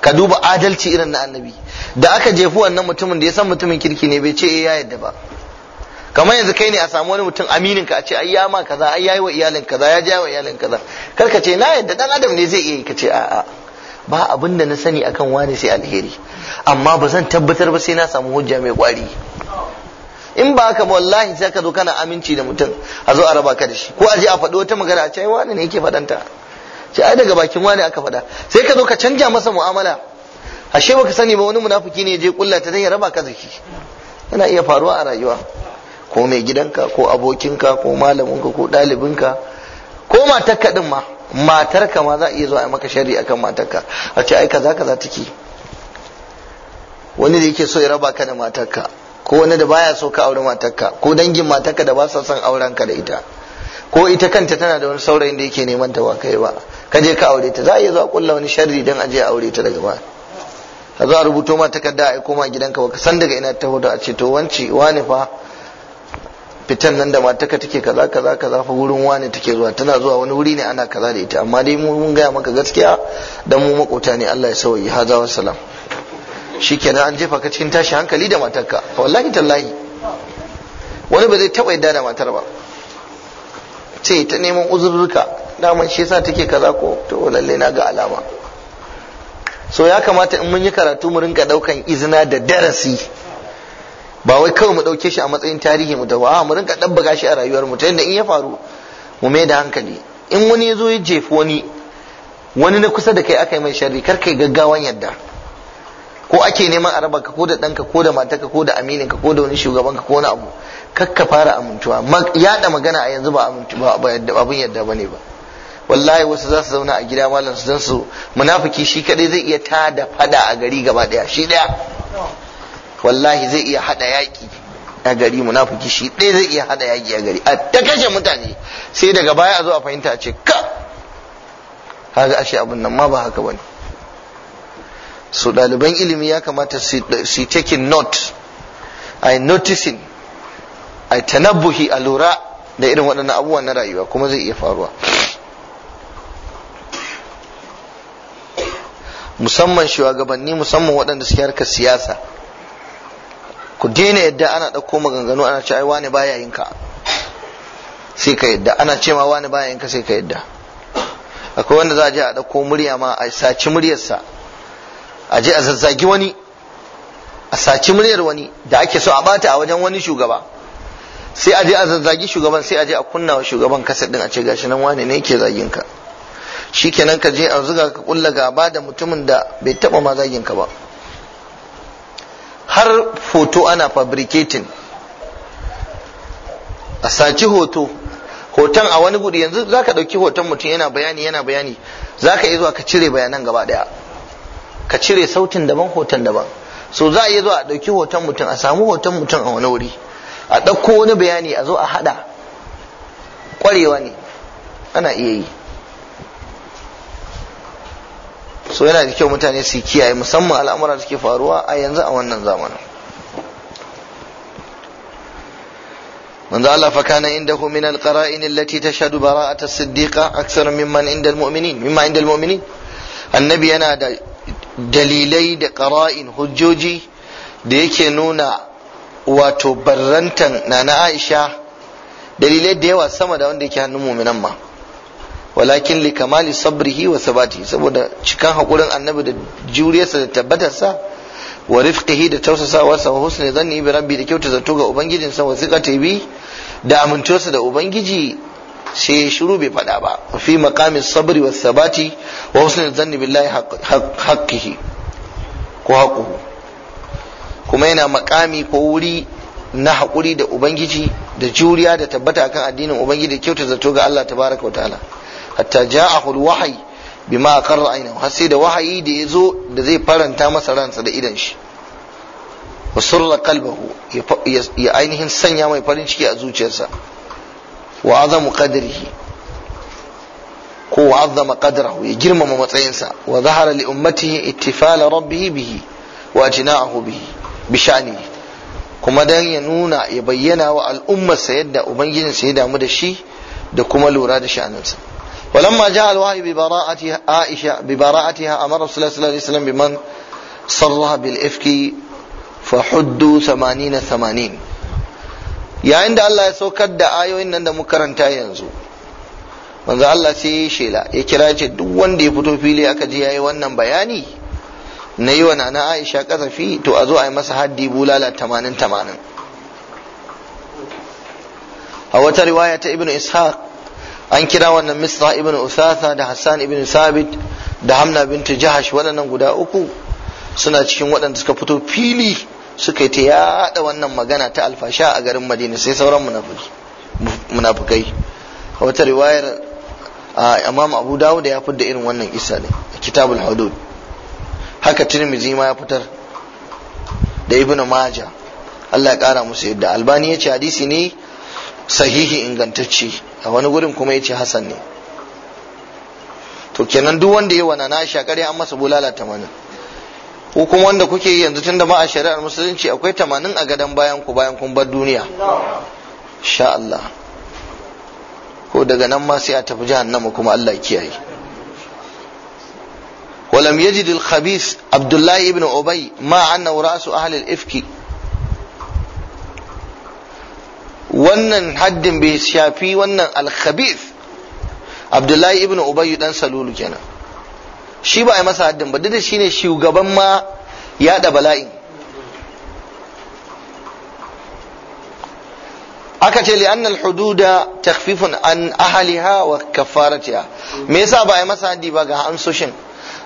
ka duba adalci irin na annabi da aka jefu wannan mutumin da ya san mutumin kirki ne bai ce eh ya yadda ba kamar yanzu kai ne a samu wani mutum aminin ka a ce ai ya ma kaza ai yayi wa iyalin kaza ya jawo wa iyalin kaza kar ka ce na yadda dan adam ne zai iya ka ce a'a ba abin da na sani akan wani sai alheri amma ba zan tabbatar ba sai na samu hujja mai kwari in ba haka ba wallahi sai ka zo kana aminci da mutum a zo a raba ka da shi ko a je a faɗi wata magana a ce wani ne yake faɗanta ce ai daga bakin wani aka faɗa sai ka zo ka canja masa mu'amala ashe baka sani ba wani munafiki ne ya je kulla ta dan ya raba ka zaki yana iya faruwa a rayuwa ko mai gidanka ko abokinka ko malaminka ko ɗalibinka ko matarka din ma matarka ma za a iya zuwa a maka shari akan matarka a ce ai kaza kaza take wani da yake so ya raba ka da matarka ko wani da baya so ka aure matarka ko dangin matarka da ba sa son auren ka da ita ko ita kanta tana da wani saurayin da yake neman ta ba kai ba ka je ka aure ta za a iya zuwa kulla wani sharri dan aje a aure ta daga ba. ka zo a rubuto ma da a koma gidanka Ka san daga ina ta hoto a ce to wanci wani fa fitan nan da mataka take kaza kaza kaza fa wurin wani take zuwa tana zuwa wani wuri ne ana kaza da ita amma dai mu mun gaya maka gaskiya dan mu makota ne Allah ya sauyi wa salam shikenan an jefa ka cikin tashi hankali da matarka wallahi tallahi wani ba zai taba yadda da matar ba ce ta neman uzurruka daman shi yasa take kaza ko to lalle na ga alama so ya kamata in mun yi karatu mu rinka daukan izina da darasi ba wai kawai mu ɗauke shi a matsayin tarihi mu dawa mu rinka dabbaga shi a rayuwar mu ta yadda in ya faru mu mai da hankali in wani ya zo ya jefi wani wani na kusa da kai aka yi mai sharri kar kai gaggawan yadda ko ake neman a raba ka ko da ɗanka ko da matarka ko da amininka ko da wani shugaban ka ko wani abu Kar ka fara amintuwa yaɗa magana a yanzu ba abin yadda ba ne ba wallahi wasu za su zauna a gida malam su su munafiki shi kadai zai iya tada fada a gari gaba daya shi daya wallahi zai iya hada yaki a gari munafiki shi ɗaya zai iya hada yaki a gari a ta kashe mutane sai daga baya a zo a fahimta a ce ka Haga ashe abin nan ma ba haka bane so ɗaliban ilimi ya kamata su taking note I noticing i tanabbuhi a lura da irin waɗannan abuwa na rayuwa kuma zai iya faruwa musamman shugabanni musamman waɗanda suke harkar siyasa ku daina yadda ana ɗauko maganganu ana ce ai wani baya yin ka sai ka yadda ana ce ma wani baya yin ka sai ka yadda akwai wanda za a je a ɗauko murya ma a saci muryarsa a je a zazzagi wani a saci muryar wani da ake so a bata a wajen wani shugaba sai a je a zazzagi shugaban sai a je a kunna wa shugaban kasar din a ce gashi nan wani ne yake zagin ka shikenan ka je a zuga ka kullaga gaba da mutumin da bai taba ma zagin ka ba har hoto ana fabricating a saci hoto hoton a wani gudu yanzu za ka ɗauki hoton mutum yana bayani yana bayani za ka iya zuwa ka cire bayanan gaba ɗaya ka cire sautin daban hoton daban so za a iya zuwa a ɗauki hoton mutum a samu hoton mutum a wani wuri a ɗauko wani bayani a zo a haɗa ƙwarewa ne ana iya yi so yana da kyau mutane su kiyaye musamman al'amura da suke faruwa a yanzu a wannan zamanin manzo Allah fa kana indahu min alqara'in allati tashhadu bara'at as-siddiqa akthar mimman inda mimma inda al annabi yana da dalilai da qara'in hujjoji da yake nuna wato barrantan nana Aisha dalilai da yawa sama da wanda yake hannun mu'minan ma walakin li kamali sabrihi wa sabati saboda cikan hakurin annabi da juriyarsa da tabbatarsa wa rifqihi da tausasawarsa wa husni zanni bi rabbi da kyauta zato ga ubangijinsa wa thiqati bi da amincewarsa da ubangiji sai ya shiru bai faɗa ba fi maqami sabri wa sabati wa husni zanni billahi haqqihi ko haquhu kuma yana maqami ko wuri na haƙuri da ubangiji da juriya da tabbata akan addinin ubangiji da kyauta zato ga Allah tabaraka wa ta'ala hatta ja'ahu al bima qarra ainahu har sai da wahayi da zo da zai faranta masa ransa da idan shi wa surra qalbahu ya ainihin sanya mai farin ciki a zuciyarsa wa azamu qadrihi ko wa azama qadrahu ya girmama matsayinsa wa zahara li ummatihi ittifala rabbih bihi wa jina'ahu bihi bishani, kuma dan ya nuna ya bayyana wa al'ummarsa yadda ubangijinsa ya damu da shi da kuma lura da sha'aninsa ولما جاء الوحي ببراءة عائشة ببراءتها أمر الرسول صلى الله عليه وسلم بمن صرها بالإفك فحدوا ثمانين ثمانين yayin da Allah ya saukar da ayoyin nan da makaranta yanzu manzo Allah sai ya shela ya kira ce duk wanda ya fito fili aka ji yi wannan bayani na yi wa nana Aisha kazafi to a zo a yi masa haddi bulala 80 80 a wata riwaya ta Ibn Ishaq an kira wannan misra ibn usatha da hassan ibn sabit da hamna bintu jahash waɗannan guda uku suna cikin waɗanda suka fito fili suka yi ta yaɗa wannan magana ta alfasha a garin madina sai sauran munafukai wata riwayar imam abu dawud ya fitar da irin wannan isa ne a kitabul hudud haka tirmizi ma ya fitar da ibn majah Allah ya kara musu yadda albani ya ce hadisi ne sahihi ingantacce a wani gurin kuma ce Hassan ne to kenan duk wanda ya wana na shakari an masa bulala tamanin ko kuma wanda kuke yi yanzu tun da ba a shari'ar musulunci akwai tamanin a gadon bayan ku bayan kun bar duniya sha Allah ko daga nan ma sai a tafi jahannama kuma Allah kiyaye ولم يجد الخبيث عبد الله بن أبي ما عنه رأس أهل الإفك wannan haddin bai shafi wannan alkhabis abdullahi ibn ubayyu dan salulu kenan shi ba a masa haddin ba duk da shine shugaban ma yaɗa bala'i. aka ce li annal hududa takhfifun an ahliha wa kafaratiha me yasa ba a masa haddi ba ga amsoshin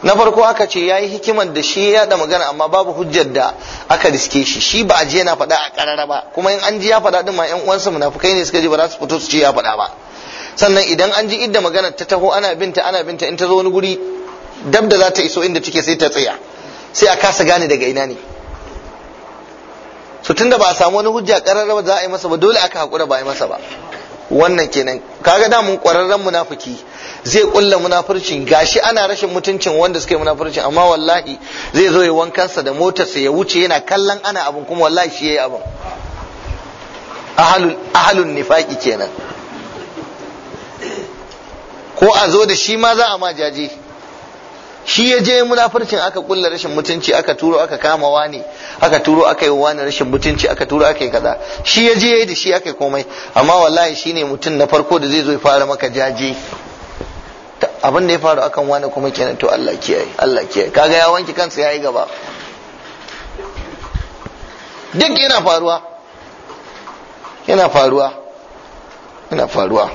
na farko aka ce ya yi hikimar da shi ya da magana amma babu hujjar da aka riske shi shi ba a ji yana faɗa a ƙarara ba kuma in an ji ya faɗa din ma ƴan uwansa munafukai ne suka ji ba za su fito su ce ya faɗa ba sannan idan an ji idda magana ta taho ana binta ana binta in ta zo wani guri dab da za ta iso inda take sai ta tsaya sai a kasa gane daga ina ne Su tunda ba a samu wani hujja ƙarara ba za a yi masa ba dole aka haƙura ba a yi masa ba wannan kenan kaga da mun ƙwararren munafiki zai kulla munafurcin gashi ana rashin mutuncin wanda suka yi munafurcin amma wallahi zai zo ya wankansa da motarsa ya wuce yana kallon ana abin kuma wallahi shi yayi abin ahalun nifaki kenan ko a zo da shi ma za a ma jaje shi ya je munafurcin aka kulla rashin mutunci aka turo aka kama wani aka turo aka yi wani rashin mutunci aka turo aka yi kaza shi ya je da shi aka yi komai amma wallahi shine mutum na farko da zai zo ya fara maka jaje abin da ya faru akan wani kuma kenan to Allah kiyaye Allah kiyaye kaga ya wanki kansa yayi gaba duk yana faruwa yana faruwa yana faruwa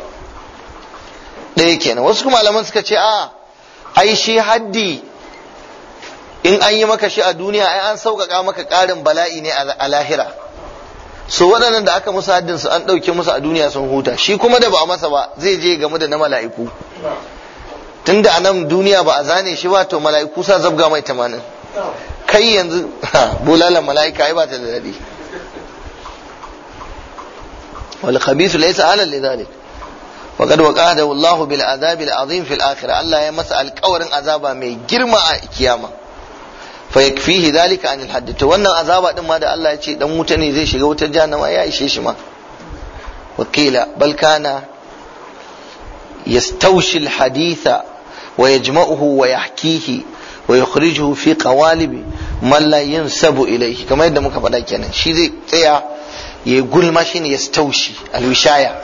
ɗaya kenan wasu kuma malaman suka ce a ai shi haddi in an yi maka shi a duniya ai an sauƙaƙa maka ƙarin bala'i ne a lahira so waɗannan da aka musu haddin su an ɗauke musu a duniya sun huta shi kuma da ba masa ba zai je game da na mala'iku tunda a nan duniya ba a zane shi ba to mala'iku sa zabga mai tamanin kai yanzu bulalan mala'ika ai ba ta da daɗi wal khabisu laysa ala lidhalik wa qad waqa'ahu bil azabi al azim fil akhirah Allah ya masa alƙawarin azaba mai girma a kiyama fa yakfihi dhalika an al hadd to wannan azaba din ma da Allah ya ce dan wuta ne zai shiga wutar jahannama ya ishe shi ma wakila bal kana yastawshi al haditha ويجمعه ويحكيه ويخرجه في قوالب من لا ينسب إليه كما يدى مكفدا كان شي زي تيا يقول ما شين يستوشي الوشاية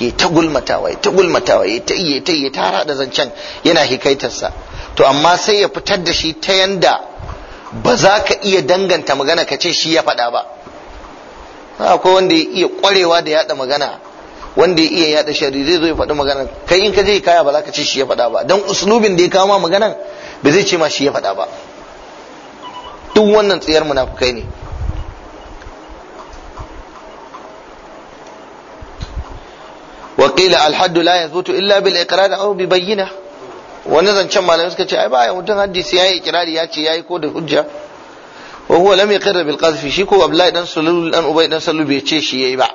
ya ta gulmatawa ya ta gulmatawa ya ta iya ta iya tara da zancen yana hikaitarsa to amma sai ya fitar da shi ta yanda ba za ka iya danganta magana ka ce shi ya faɗa ba akwai wanda ya iya ƙwarewa da yaɗa magana wanda ya iya yada shari zai zo ya faɗi magana kai in ka je kaya ba za ka ce shi ya faɗa ba don uslubin da ya kawo ma magana ba zai ce ma shi ya faɗa ba duk wannan tsayar munafukai ne wakila hadd la yazutu illa bil iqrar aw bi bayyina wani zancen malamai suka ce ai ba mutum hadisi yayi ikrari ya ce yayi ko da hujja wa huwa lam yaqir bil qazfi shi ko abla dan sulul dan ubay dan salu bai ce shi yayi ba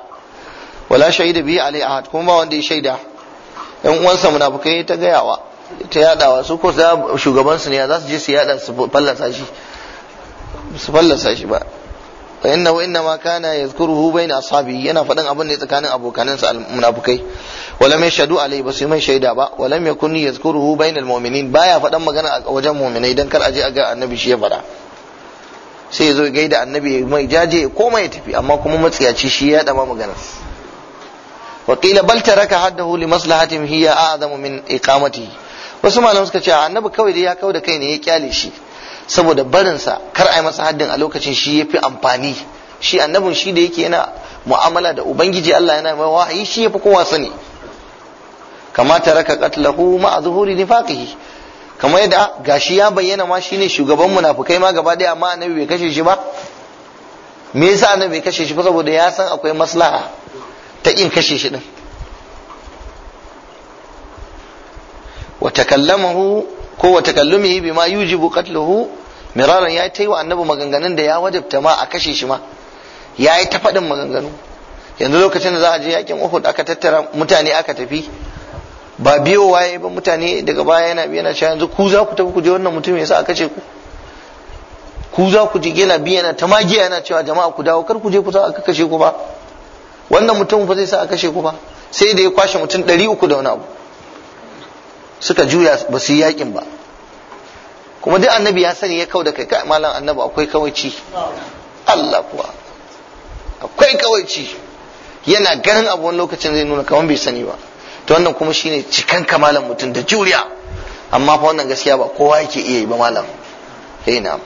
wala shaida bi alai ahad kuma ba wanda ya shaida yan uwansa munafikai ta gayawa ta yadawa su ko da shugaban su ne za su je su yada su fallasa shi su fallasa shi ba wa inna ma kana yadhkuruhu bayna ashabi yana fadin abin ne tsakanin munafikai wala mai shadu alai ba su mai shaida ba wala mai kunni yadhkuruhu bayna almu'minin baya faɗan magana a wajen mu'minai dan kar aje a ga annabi shi ya faɗa sai ya zo gaida annabi mai jaje ko mai tafi amma kuma matsiyaci shi ya dama magana wa qila bal taraka haddahu li maslahatin hiya a'zamu min iqamatihi wasu malamai suka ce annabi kawai dai ya kawo da kai ne ya kyale shi saboda barinsa kar a yi masa haddin a lokacin shi ya fi amfani shi annabin shi da yake yana mu'amala da ubangiji Allah yana mai wahayi shi ya fi kowa sani kama taraka qatlahu ma zuhuri nifaqihi kamar yadda gashi ya bayyana ma shine shugaban munafukai ma gaba daya amma annabi bai kashe shi ba me yasa annabi bai kashe shi ba saboda ya san akwai maslaha ta ƙin kashe shi ɗin wa takallamahu ko wa bi ma yujibu qatluhu miraran ya ta yi wa annabi maganganun da ya wajabta ma a kashe shi ma ya yi ta faɗin maganganu yanzu lokacin da za a je yakin uhud aka tattara mutane aka tafi ba biyo waye ba mutane daga baya yana biyana cewa yanzu ku za ku tafi ku je wannan mutum yasa aka ce ku ku za ku je yana biyana ta magiya yana cewa jama'a ku dawo kar ku je ku sa aka kashe ku ba wannan mutum ba zai sa a kashe ku ba sai da ya kwashe mutum ɗari uku da wani abu suka juya ba su yi yakin ba kuma dai annabi ya sani ya kau da kai kai malam annabi akwai kawaici Allah kuwa akwai kawaici yana ganin abu wani lokacin zai nuna kamar bai sani ba to wannan kuma shine cikan kamalan mutum da juriya amma fa wannan gaskiya ba kowa yake iya yi ba malam eh na'am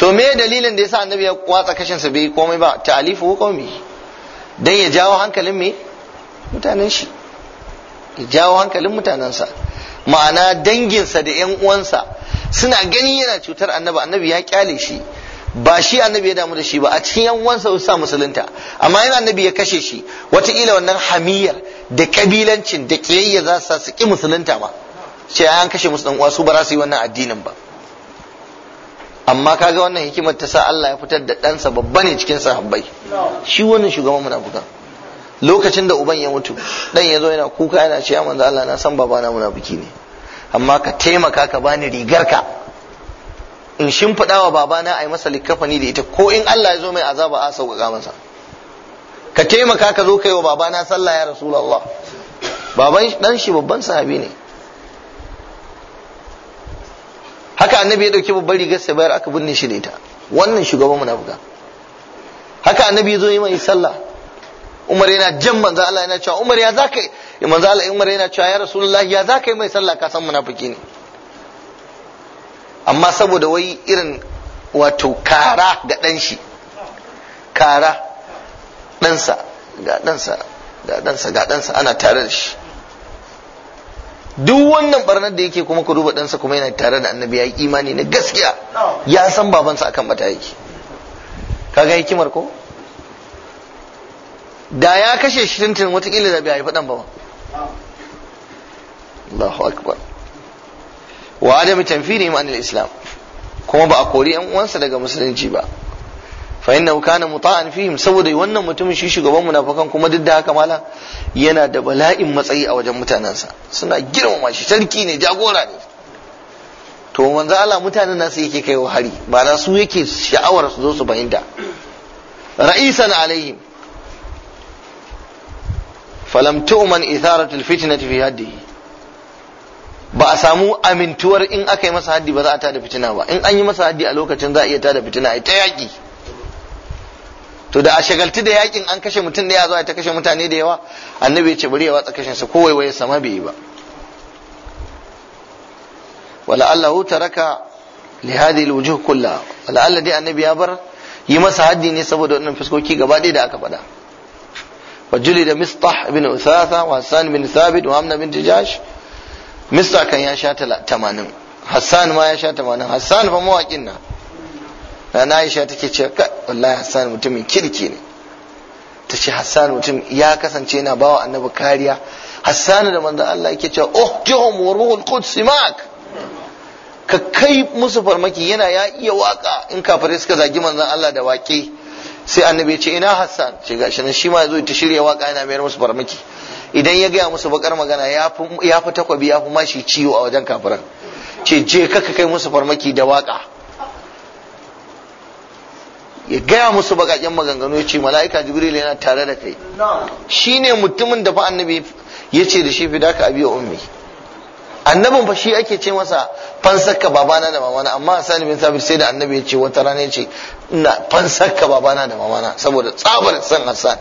to me dalilin da yasa annabi ya watsa kashin sa bai komai ba ta'alifu qaumi dan ya jawo hankalin me mutanen shi ya jawo hankalin mutanen sa. ma'ana danginsa da yan uwansa suna gani yana cutar annabi annabi ya kyale shi ba shi annabi ya damu da shi ba a cikin yan uwansa sa musulunta amma yana annabi ya kashe shi wataƙila wannan hamiyar da kabilancin da kiyayya za su sa su ki musulunta ma Sai an kashe musu dan uwa su ba za su yi wannan addinin ba amma kaga wannan hikimar ta sa Allah ya fitar da ɗansa babba ne cikin sahabbai shi wannan shugaban munafuka lokacin da uban ya mutu dan ya zo yana kuka yana ce ya manzo Allah na san babana munafiki ne amma ka taimaka ka bani rigar ka in shimfiɗa wa babana a yi masa likkafani da ita ko in Allah ya zo mai azaba a sauƙaƙa masa ka taimaka ka zo kai wa babana sallah ya rasulullah baban dan shi babban sahabi ne haka annabi ya dauki babbar rigar sa bayar aka binne shi da ita wannan shugaban munafuka haka annabi ya zo yi mai sallah Umar yana jan manzo Allah yana cewa Umar ya zaka manzo Allah Umar yana cewa ya Rasulullah ya zaka yi mai sallah ka san munafiki ne amma saboda wai irin wato kara ga dan shi kara sa ga ɗansa ga ɗansa ga ɗansa ana tare da shi duk wannan barnar da yake kuma ku duba ɗansa kuma yana tare da annabi ya imani na gaskiya ya san babansa akan mata yake kaga hikimar ko da ya kashe shi tuntun watakila da bai haifi ba Allahu akbar wa adami tanfirihim anil islam kuma ba a kori yan uwansa daga musulunci ba fa innahu kana muta'an fihim saboda wannan mutumin shi shugaban munafikan kuma duk da haka mala yana da bala'in matsayi a wajen mutanensa suna girmama shi sarki ne jagora ne to manzo Allah mutanen nasu yake kai hari ba na su yake sha'awar su zo su fahimta ra'isan alaihim falam tu'man itharatu alfitnati fi haddihi ba a samu amintuwar in aka yi masa haddi ba za a tada fitina ba in an yi masa haddi a lokacin za a iya tada fitina ai ta yaki to da a shagaltu da yakin an kashe mutum da ya zo ta kashe mutane da yawa annabi ya ce bari ya watsa kashin sa kowai waye sama bai yi ba wala Allah taraka li al wujuh kullah wala Allah dai annabi ya bar yi masa haddi ne saboda wannan fuskoki gaba ɗaya da aka faɗa وجلد wa بن ibn وحسان wa amna bin بن mistah kan ya sha 80 ma ya sha 80 mawaqin na. na aisha take ce ka wallahi hassan mutumin kirki ne ta ce hassan mutum ya kasance yana bawa annabi kariya hassan da manzo Allah yake cewa oh jihum wa ruhul quds mak ka kai musu farmaki yana ya iya waka in kafare suka zagi manzo Allah da waki sai annabi ya ce ina hassan ce gashi nan shi ma zo ta shirya waka yana mayar musu farmaki idan ya gaya musu bakar magana ya fi takwabi ya fi mashi ciwo a wajen kafiran ce je ka kai musu farmaki da waka ya gaya musu bakaken maganganu ya ce mala'ika jibril yana tare da kai shi ne mutumin da fa annabi ya ce da shi fidaka abi wa ummi annabin fa shi ake ce masa fansakka babana da mamana amma sani bin sabir sai da annabi ya ce wata rana ya ce ina fansakka babana da mamana saboda tsabar san hassan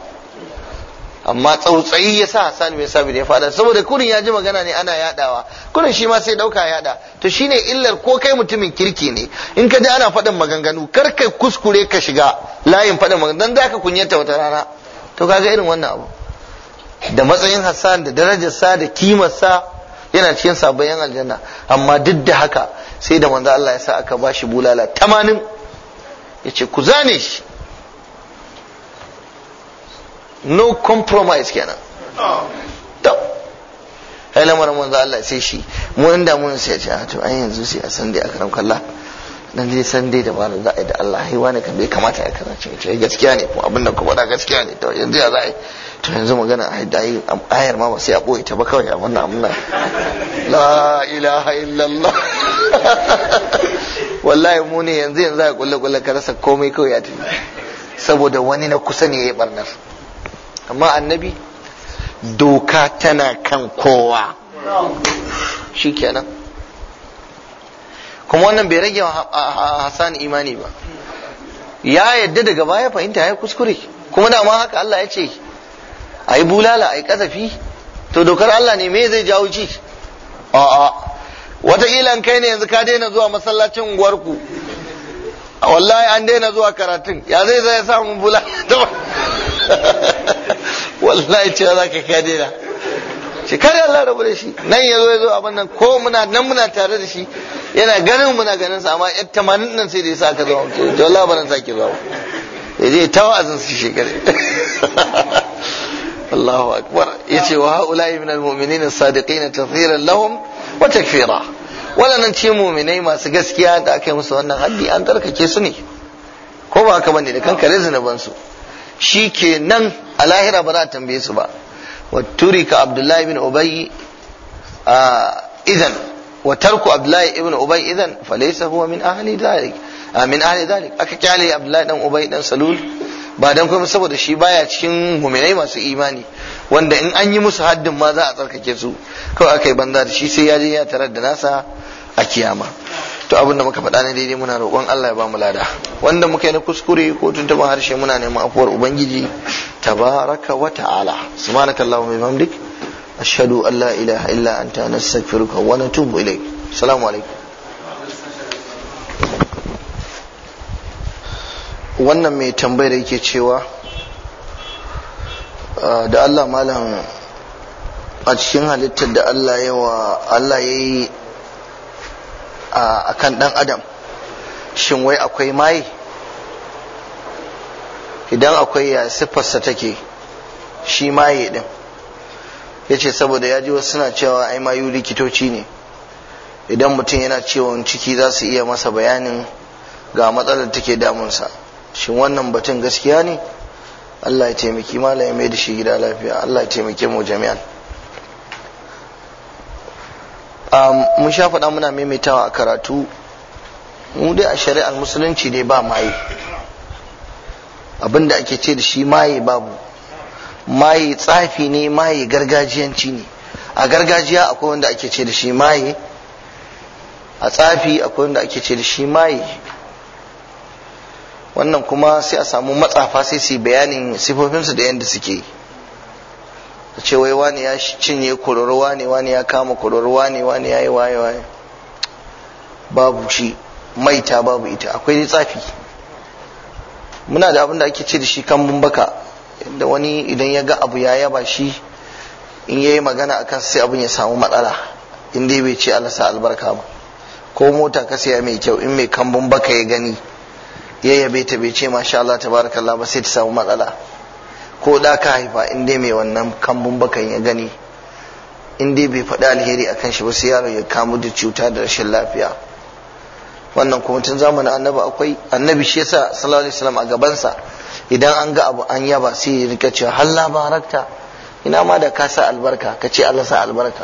amma tsautsayi ya sa Hassan bin Sabit ya fada saboda kurin ya ji magana ne ana yadawa kurin shi ma sai dauka yada to shine illar ko kai mutumin kirki ne in ka ji ana faɗin maganganu kar kai kuskure ka shiga layin faɗin maganganu dan zaka kunyata wata rana to kaga irin wannan abu da matsayin Hassan da darajar sa da kimar sa yana cikin sabayan aljanna amma duk da haka sai da manzo Allah ya sa aka bashi bulala 80 yace ku zane shi no compromise kenan to ai lamarin manzo Allah sai shi mu inda mun sai ce ah, to ai yanzu sai a san dai akram kalla dan dai san dai da malam za a yi da Allah ai wani kan bai kamata ya karance ce gaskiya ne ko abin da ku da gaskiya ne to yanzu ya za a yi to yanzu magana a dai ayar ma ba sai a boye ta ba kawai a wannan amna la ilaha illallah wallahi mu ne yanzu yanzu a kulle kulle ka rasa komai kawai ya tafi saboda wani na kusa ne ya barnar amma annabi doka tana kan kowa shi kenan kuma wannan bai rage hasan imani ba ya yadda daga baya fahimta ya kuskure kuma dama haka Allah ya ce a yi bulala a yi kasafi to dokar Allah ne me zai jawo ci a'a wataƙila kai ne yanzu ka daina zuwa masallacin unguwarku wallahi an daina zuwa karatun ya zai zai samun bula wallahi cewa za ka ka daina shi kare Allah rabu da shi nan ya zo ya zo abin nan ko muna nan muna tare da shi yana ganin muna ganin sa amma yar tamanin nan sai da sa ka zama mutum to Allah baran sake zuwa ya je ta wa'azin su shekare Allahu akbar yace wa haula'i min al-mu'minina as-sadiqina tathira lahum wa takfira waɗannan ce muminai masu gaskiya da aka yi musu wannan haddi an tarkace su ne ko ba haka bane da kankare zunuban su shi ke nan a lahira ba za a tambaye su ba wa turika abdullahi ibn ubay idan wa tarku abdullahi ibn ubay idan falaysa huwa min ahli a min ahli dalik aka kyale abdullahi dan ubay dan salul ba dan kuma saboda shi baya cikin muminai masu imani wanda in an yi musu haddin ma za a tsarkake su kawai aka yi banza da shi sai ya je ya tarar da nasa a kiyama to abin da muka faɗa ne daidai muna roƙon Allah ya ba mu lada wanda muka yi na kuskure ko tuntuban harshe muna neman afuwar ubangiji tabaraka wa ta'ala subhanaka allahumma bihamdik ashhadu an la ilaha illa anta nastaghfiruka wa natubu ilayk assalamu alaikum wannan mai tambayar yake cewa Ah, da Allah malam a cikin halittar da Allah yawa Allah ya yi a kan ɗan adam shin wai akwai maye idan akwai ya siffarsa take shi maye ɗin ya ce saboda ya ji wasu suna cewa ai mayu likitoci ne idan mutum yana cewa ciki za su iya masa bayanin ga matsalar take damunsa shin wannan batun gaskiya ne Allah ya taimaki malamin mai da shi gida lafiya Allah ya taimake mu jami'an mun sha faɗa muna maimaitawa a karatu mu dai a shari'ar musulunci ne ba maye abinda ake ce da shi maye babu maye tsafi ne maye gargajiyanci ne a gargajiya akwai wanda ake ce da shi maye a tsafi akwai wanda ake ce da shi maye wannan kuma sai a samu matsafa sai su bayanin sifofinsu da yadda suke ta ce wai wani ya cinye kororo wani wani ya kama kororo wani wani ya yi waye waye babu shi maita babu ita akwai ni tsafi muna da abin da ake ce da shi kan baka da wani idan ya ga abu ya yaba shi in ya yi magana a kan sai abin ya samu matsala in dai bai ce alasa albarka ba ko mota ka saya mai kyau in mai kambun baka ya gani ya yabe ta bai ce masha Allah tabarakallah ba sai ta samu matsala ko da ka haifa in dai mai wannan kambun bakan ya gani in dai bai faɗi alheri a kan shi ba sai yaron ya kamu da cuta da rashin lafiya wannan kuma tun zamanin annabi akwai annabi shi yasa sallallahu alaihi wasallam a gabansa idan an ga abu an yaba sai ya rika cewa halla barakta ina ma da ka sa albarka ka ce Allah sa albarka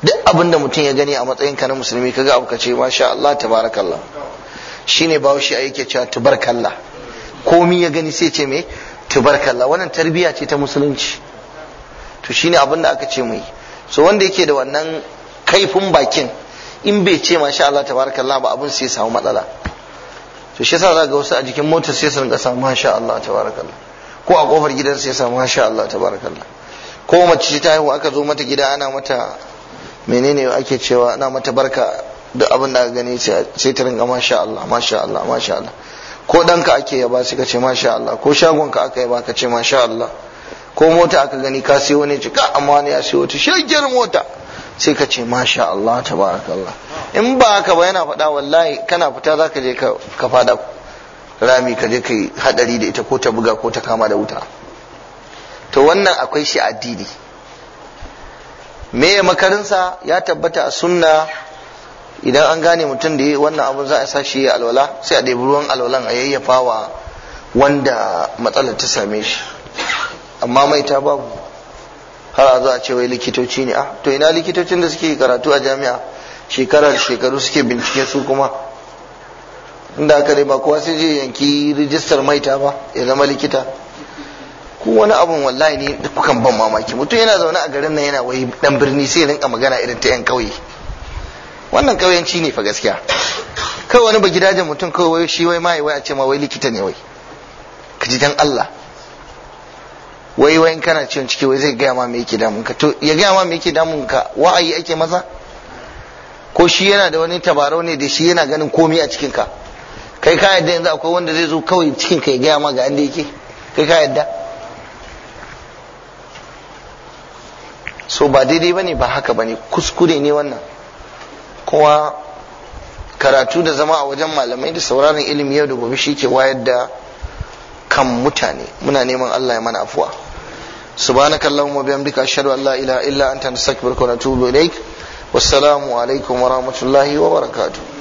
duk abin da mutum ya gani a matsayin ka na musulmi kaga abu ka ce masha Allah tabarakallah shine shi a yake cewa tubarkalla komi ya gani sai ce me tubarkalla wannan tarbiyya ce ta musulunci to shine abin da aka ce mu yi so wanda yake da wannan kaifin bakin in bai ce masha Allah tabarakallah ba abin sai samu matsala to shi yasa za ga wasu a jikin motar sai su rinka samu masha Allah tabarakallah ko a kofar gidan sai samu masha Allah tabarakallah ko mace ta haihu aka zo mata gida ana mata menene ake cewa ana mata barka duk abin da gani sai ta ringa masha Allah masha Allah masha Allah ko ɗanka ake yaba sai ka ce masha Allah ko shagonka aka yaba ka ce masha Allah ko mota aka gani ka siyo wani cika amma ne ya siyo ta shagiyar mota sai ka ce masha Allah tabarakallah in ba haka ba yana faɗa wallahi kana fita za ka je ka fada rami ka je ka yi haɗari da ita ko ta buga ko ta kama da wuta to wannan akwai shi addini me makarinsa ya tabbata a sunna idan an gane mutum da wannan abun za a sa shi ya alwala sai a ɗebi ruwan alwalan a yayyafa wa wanda matsalar ta same shi amma mai ta babu har a za a ce wai likitoci ne ah to ina likitocin da suke karatu a jami'a shekarar shekaru suke bincike su kuma inda aka ba kowa sai je yanki rijistar maita ba ya zama likita ko wani abun wallahi ne kukan ban mamaki mutum yana zaune a garin nan yana wai dan birni sai rinka magana irin ta yan kauye wannan ƙauyanci ne fa gaskiya kawai wani ba gidajen mutum kawai shi wai mai wai a ce ma wai likita ne wai ka ji dan Allah wai wai kana ciwon ciki wai zai gaya ma me yake damun ka to ya gaya ma me yake damun ka wa'ayi ake maza ko shi yana da wani tabarau ne da shi yana ganin komai a cikin ka kai ka yadda yanzu akwai wanda zai zo kawai cikin ka ya gaya ma ga inda yake kai ka yadda so ba daidai bane ba haka bane kuskure ne wannan kowa karatu da zama a wajen malamai da sauraron ilimi yau da gobe shi ke wayar da kan mutane muna neman Allah ya mana afuwa سبحانك اللهم وبحمدك أشهد أن لا إله إلا أنت نستغفرك ونتوب salamu والسلام عليكم rahmatullahi الله وبركاته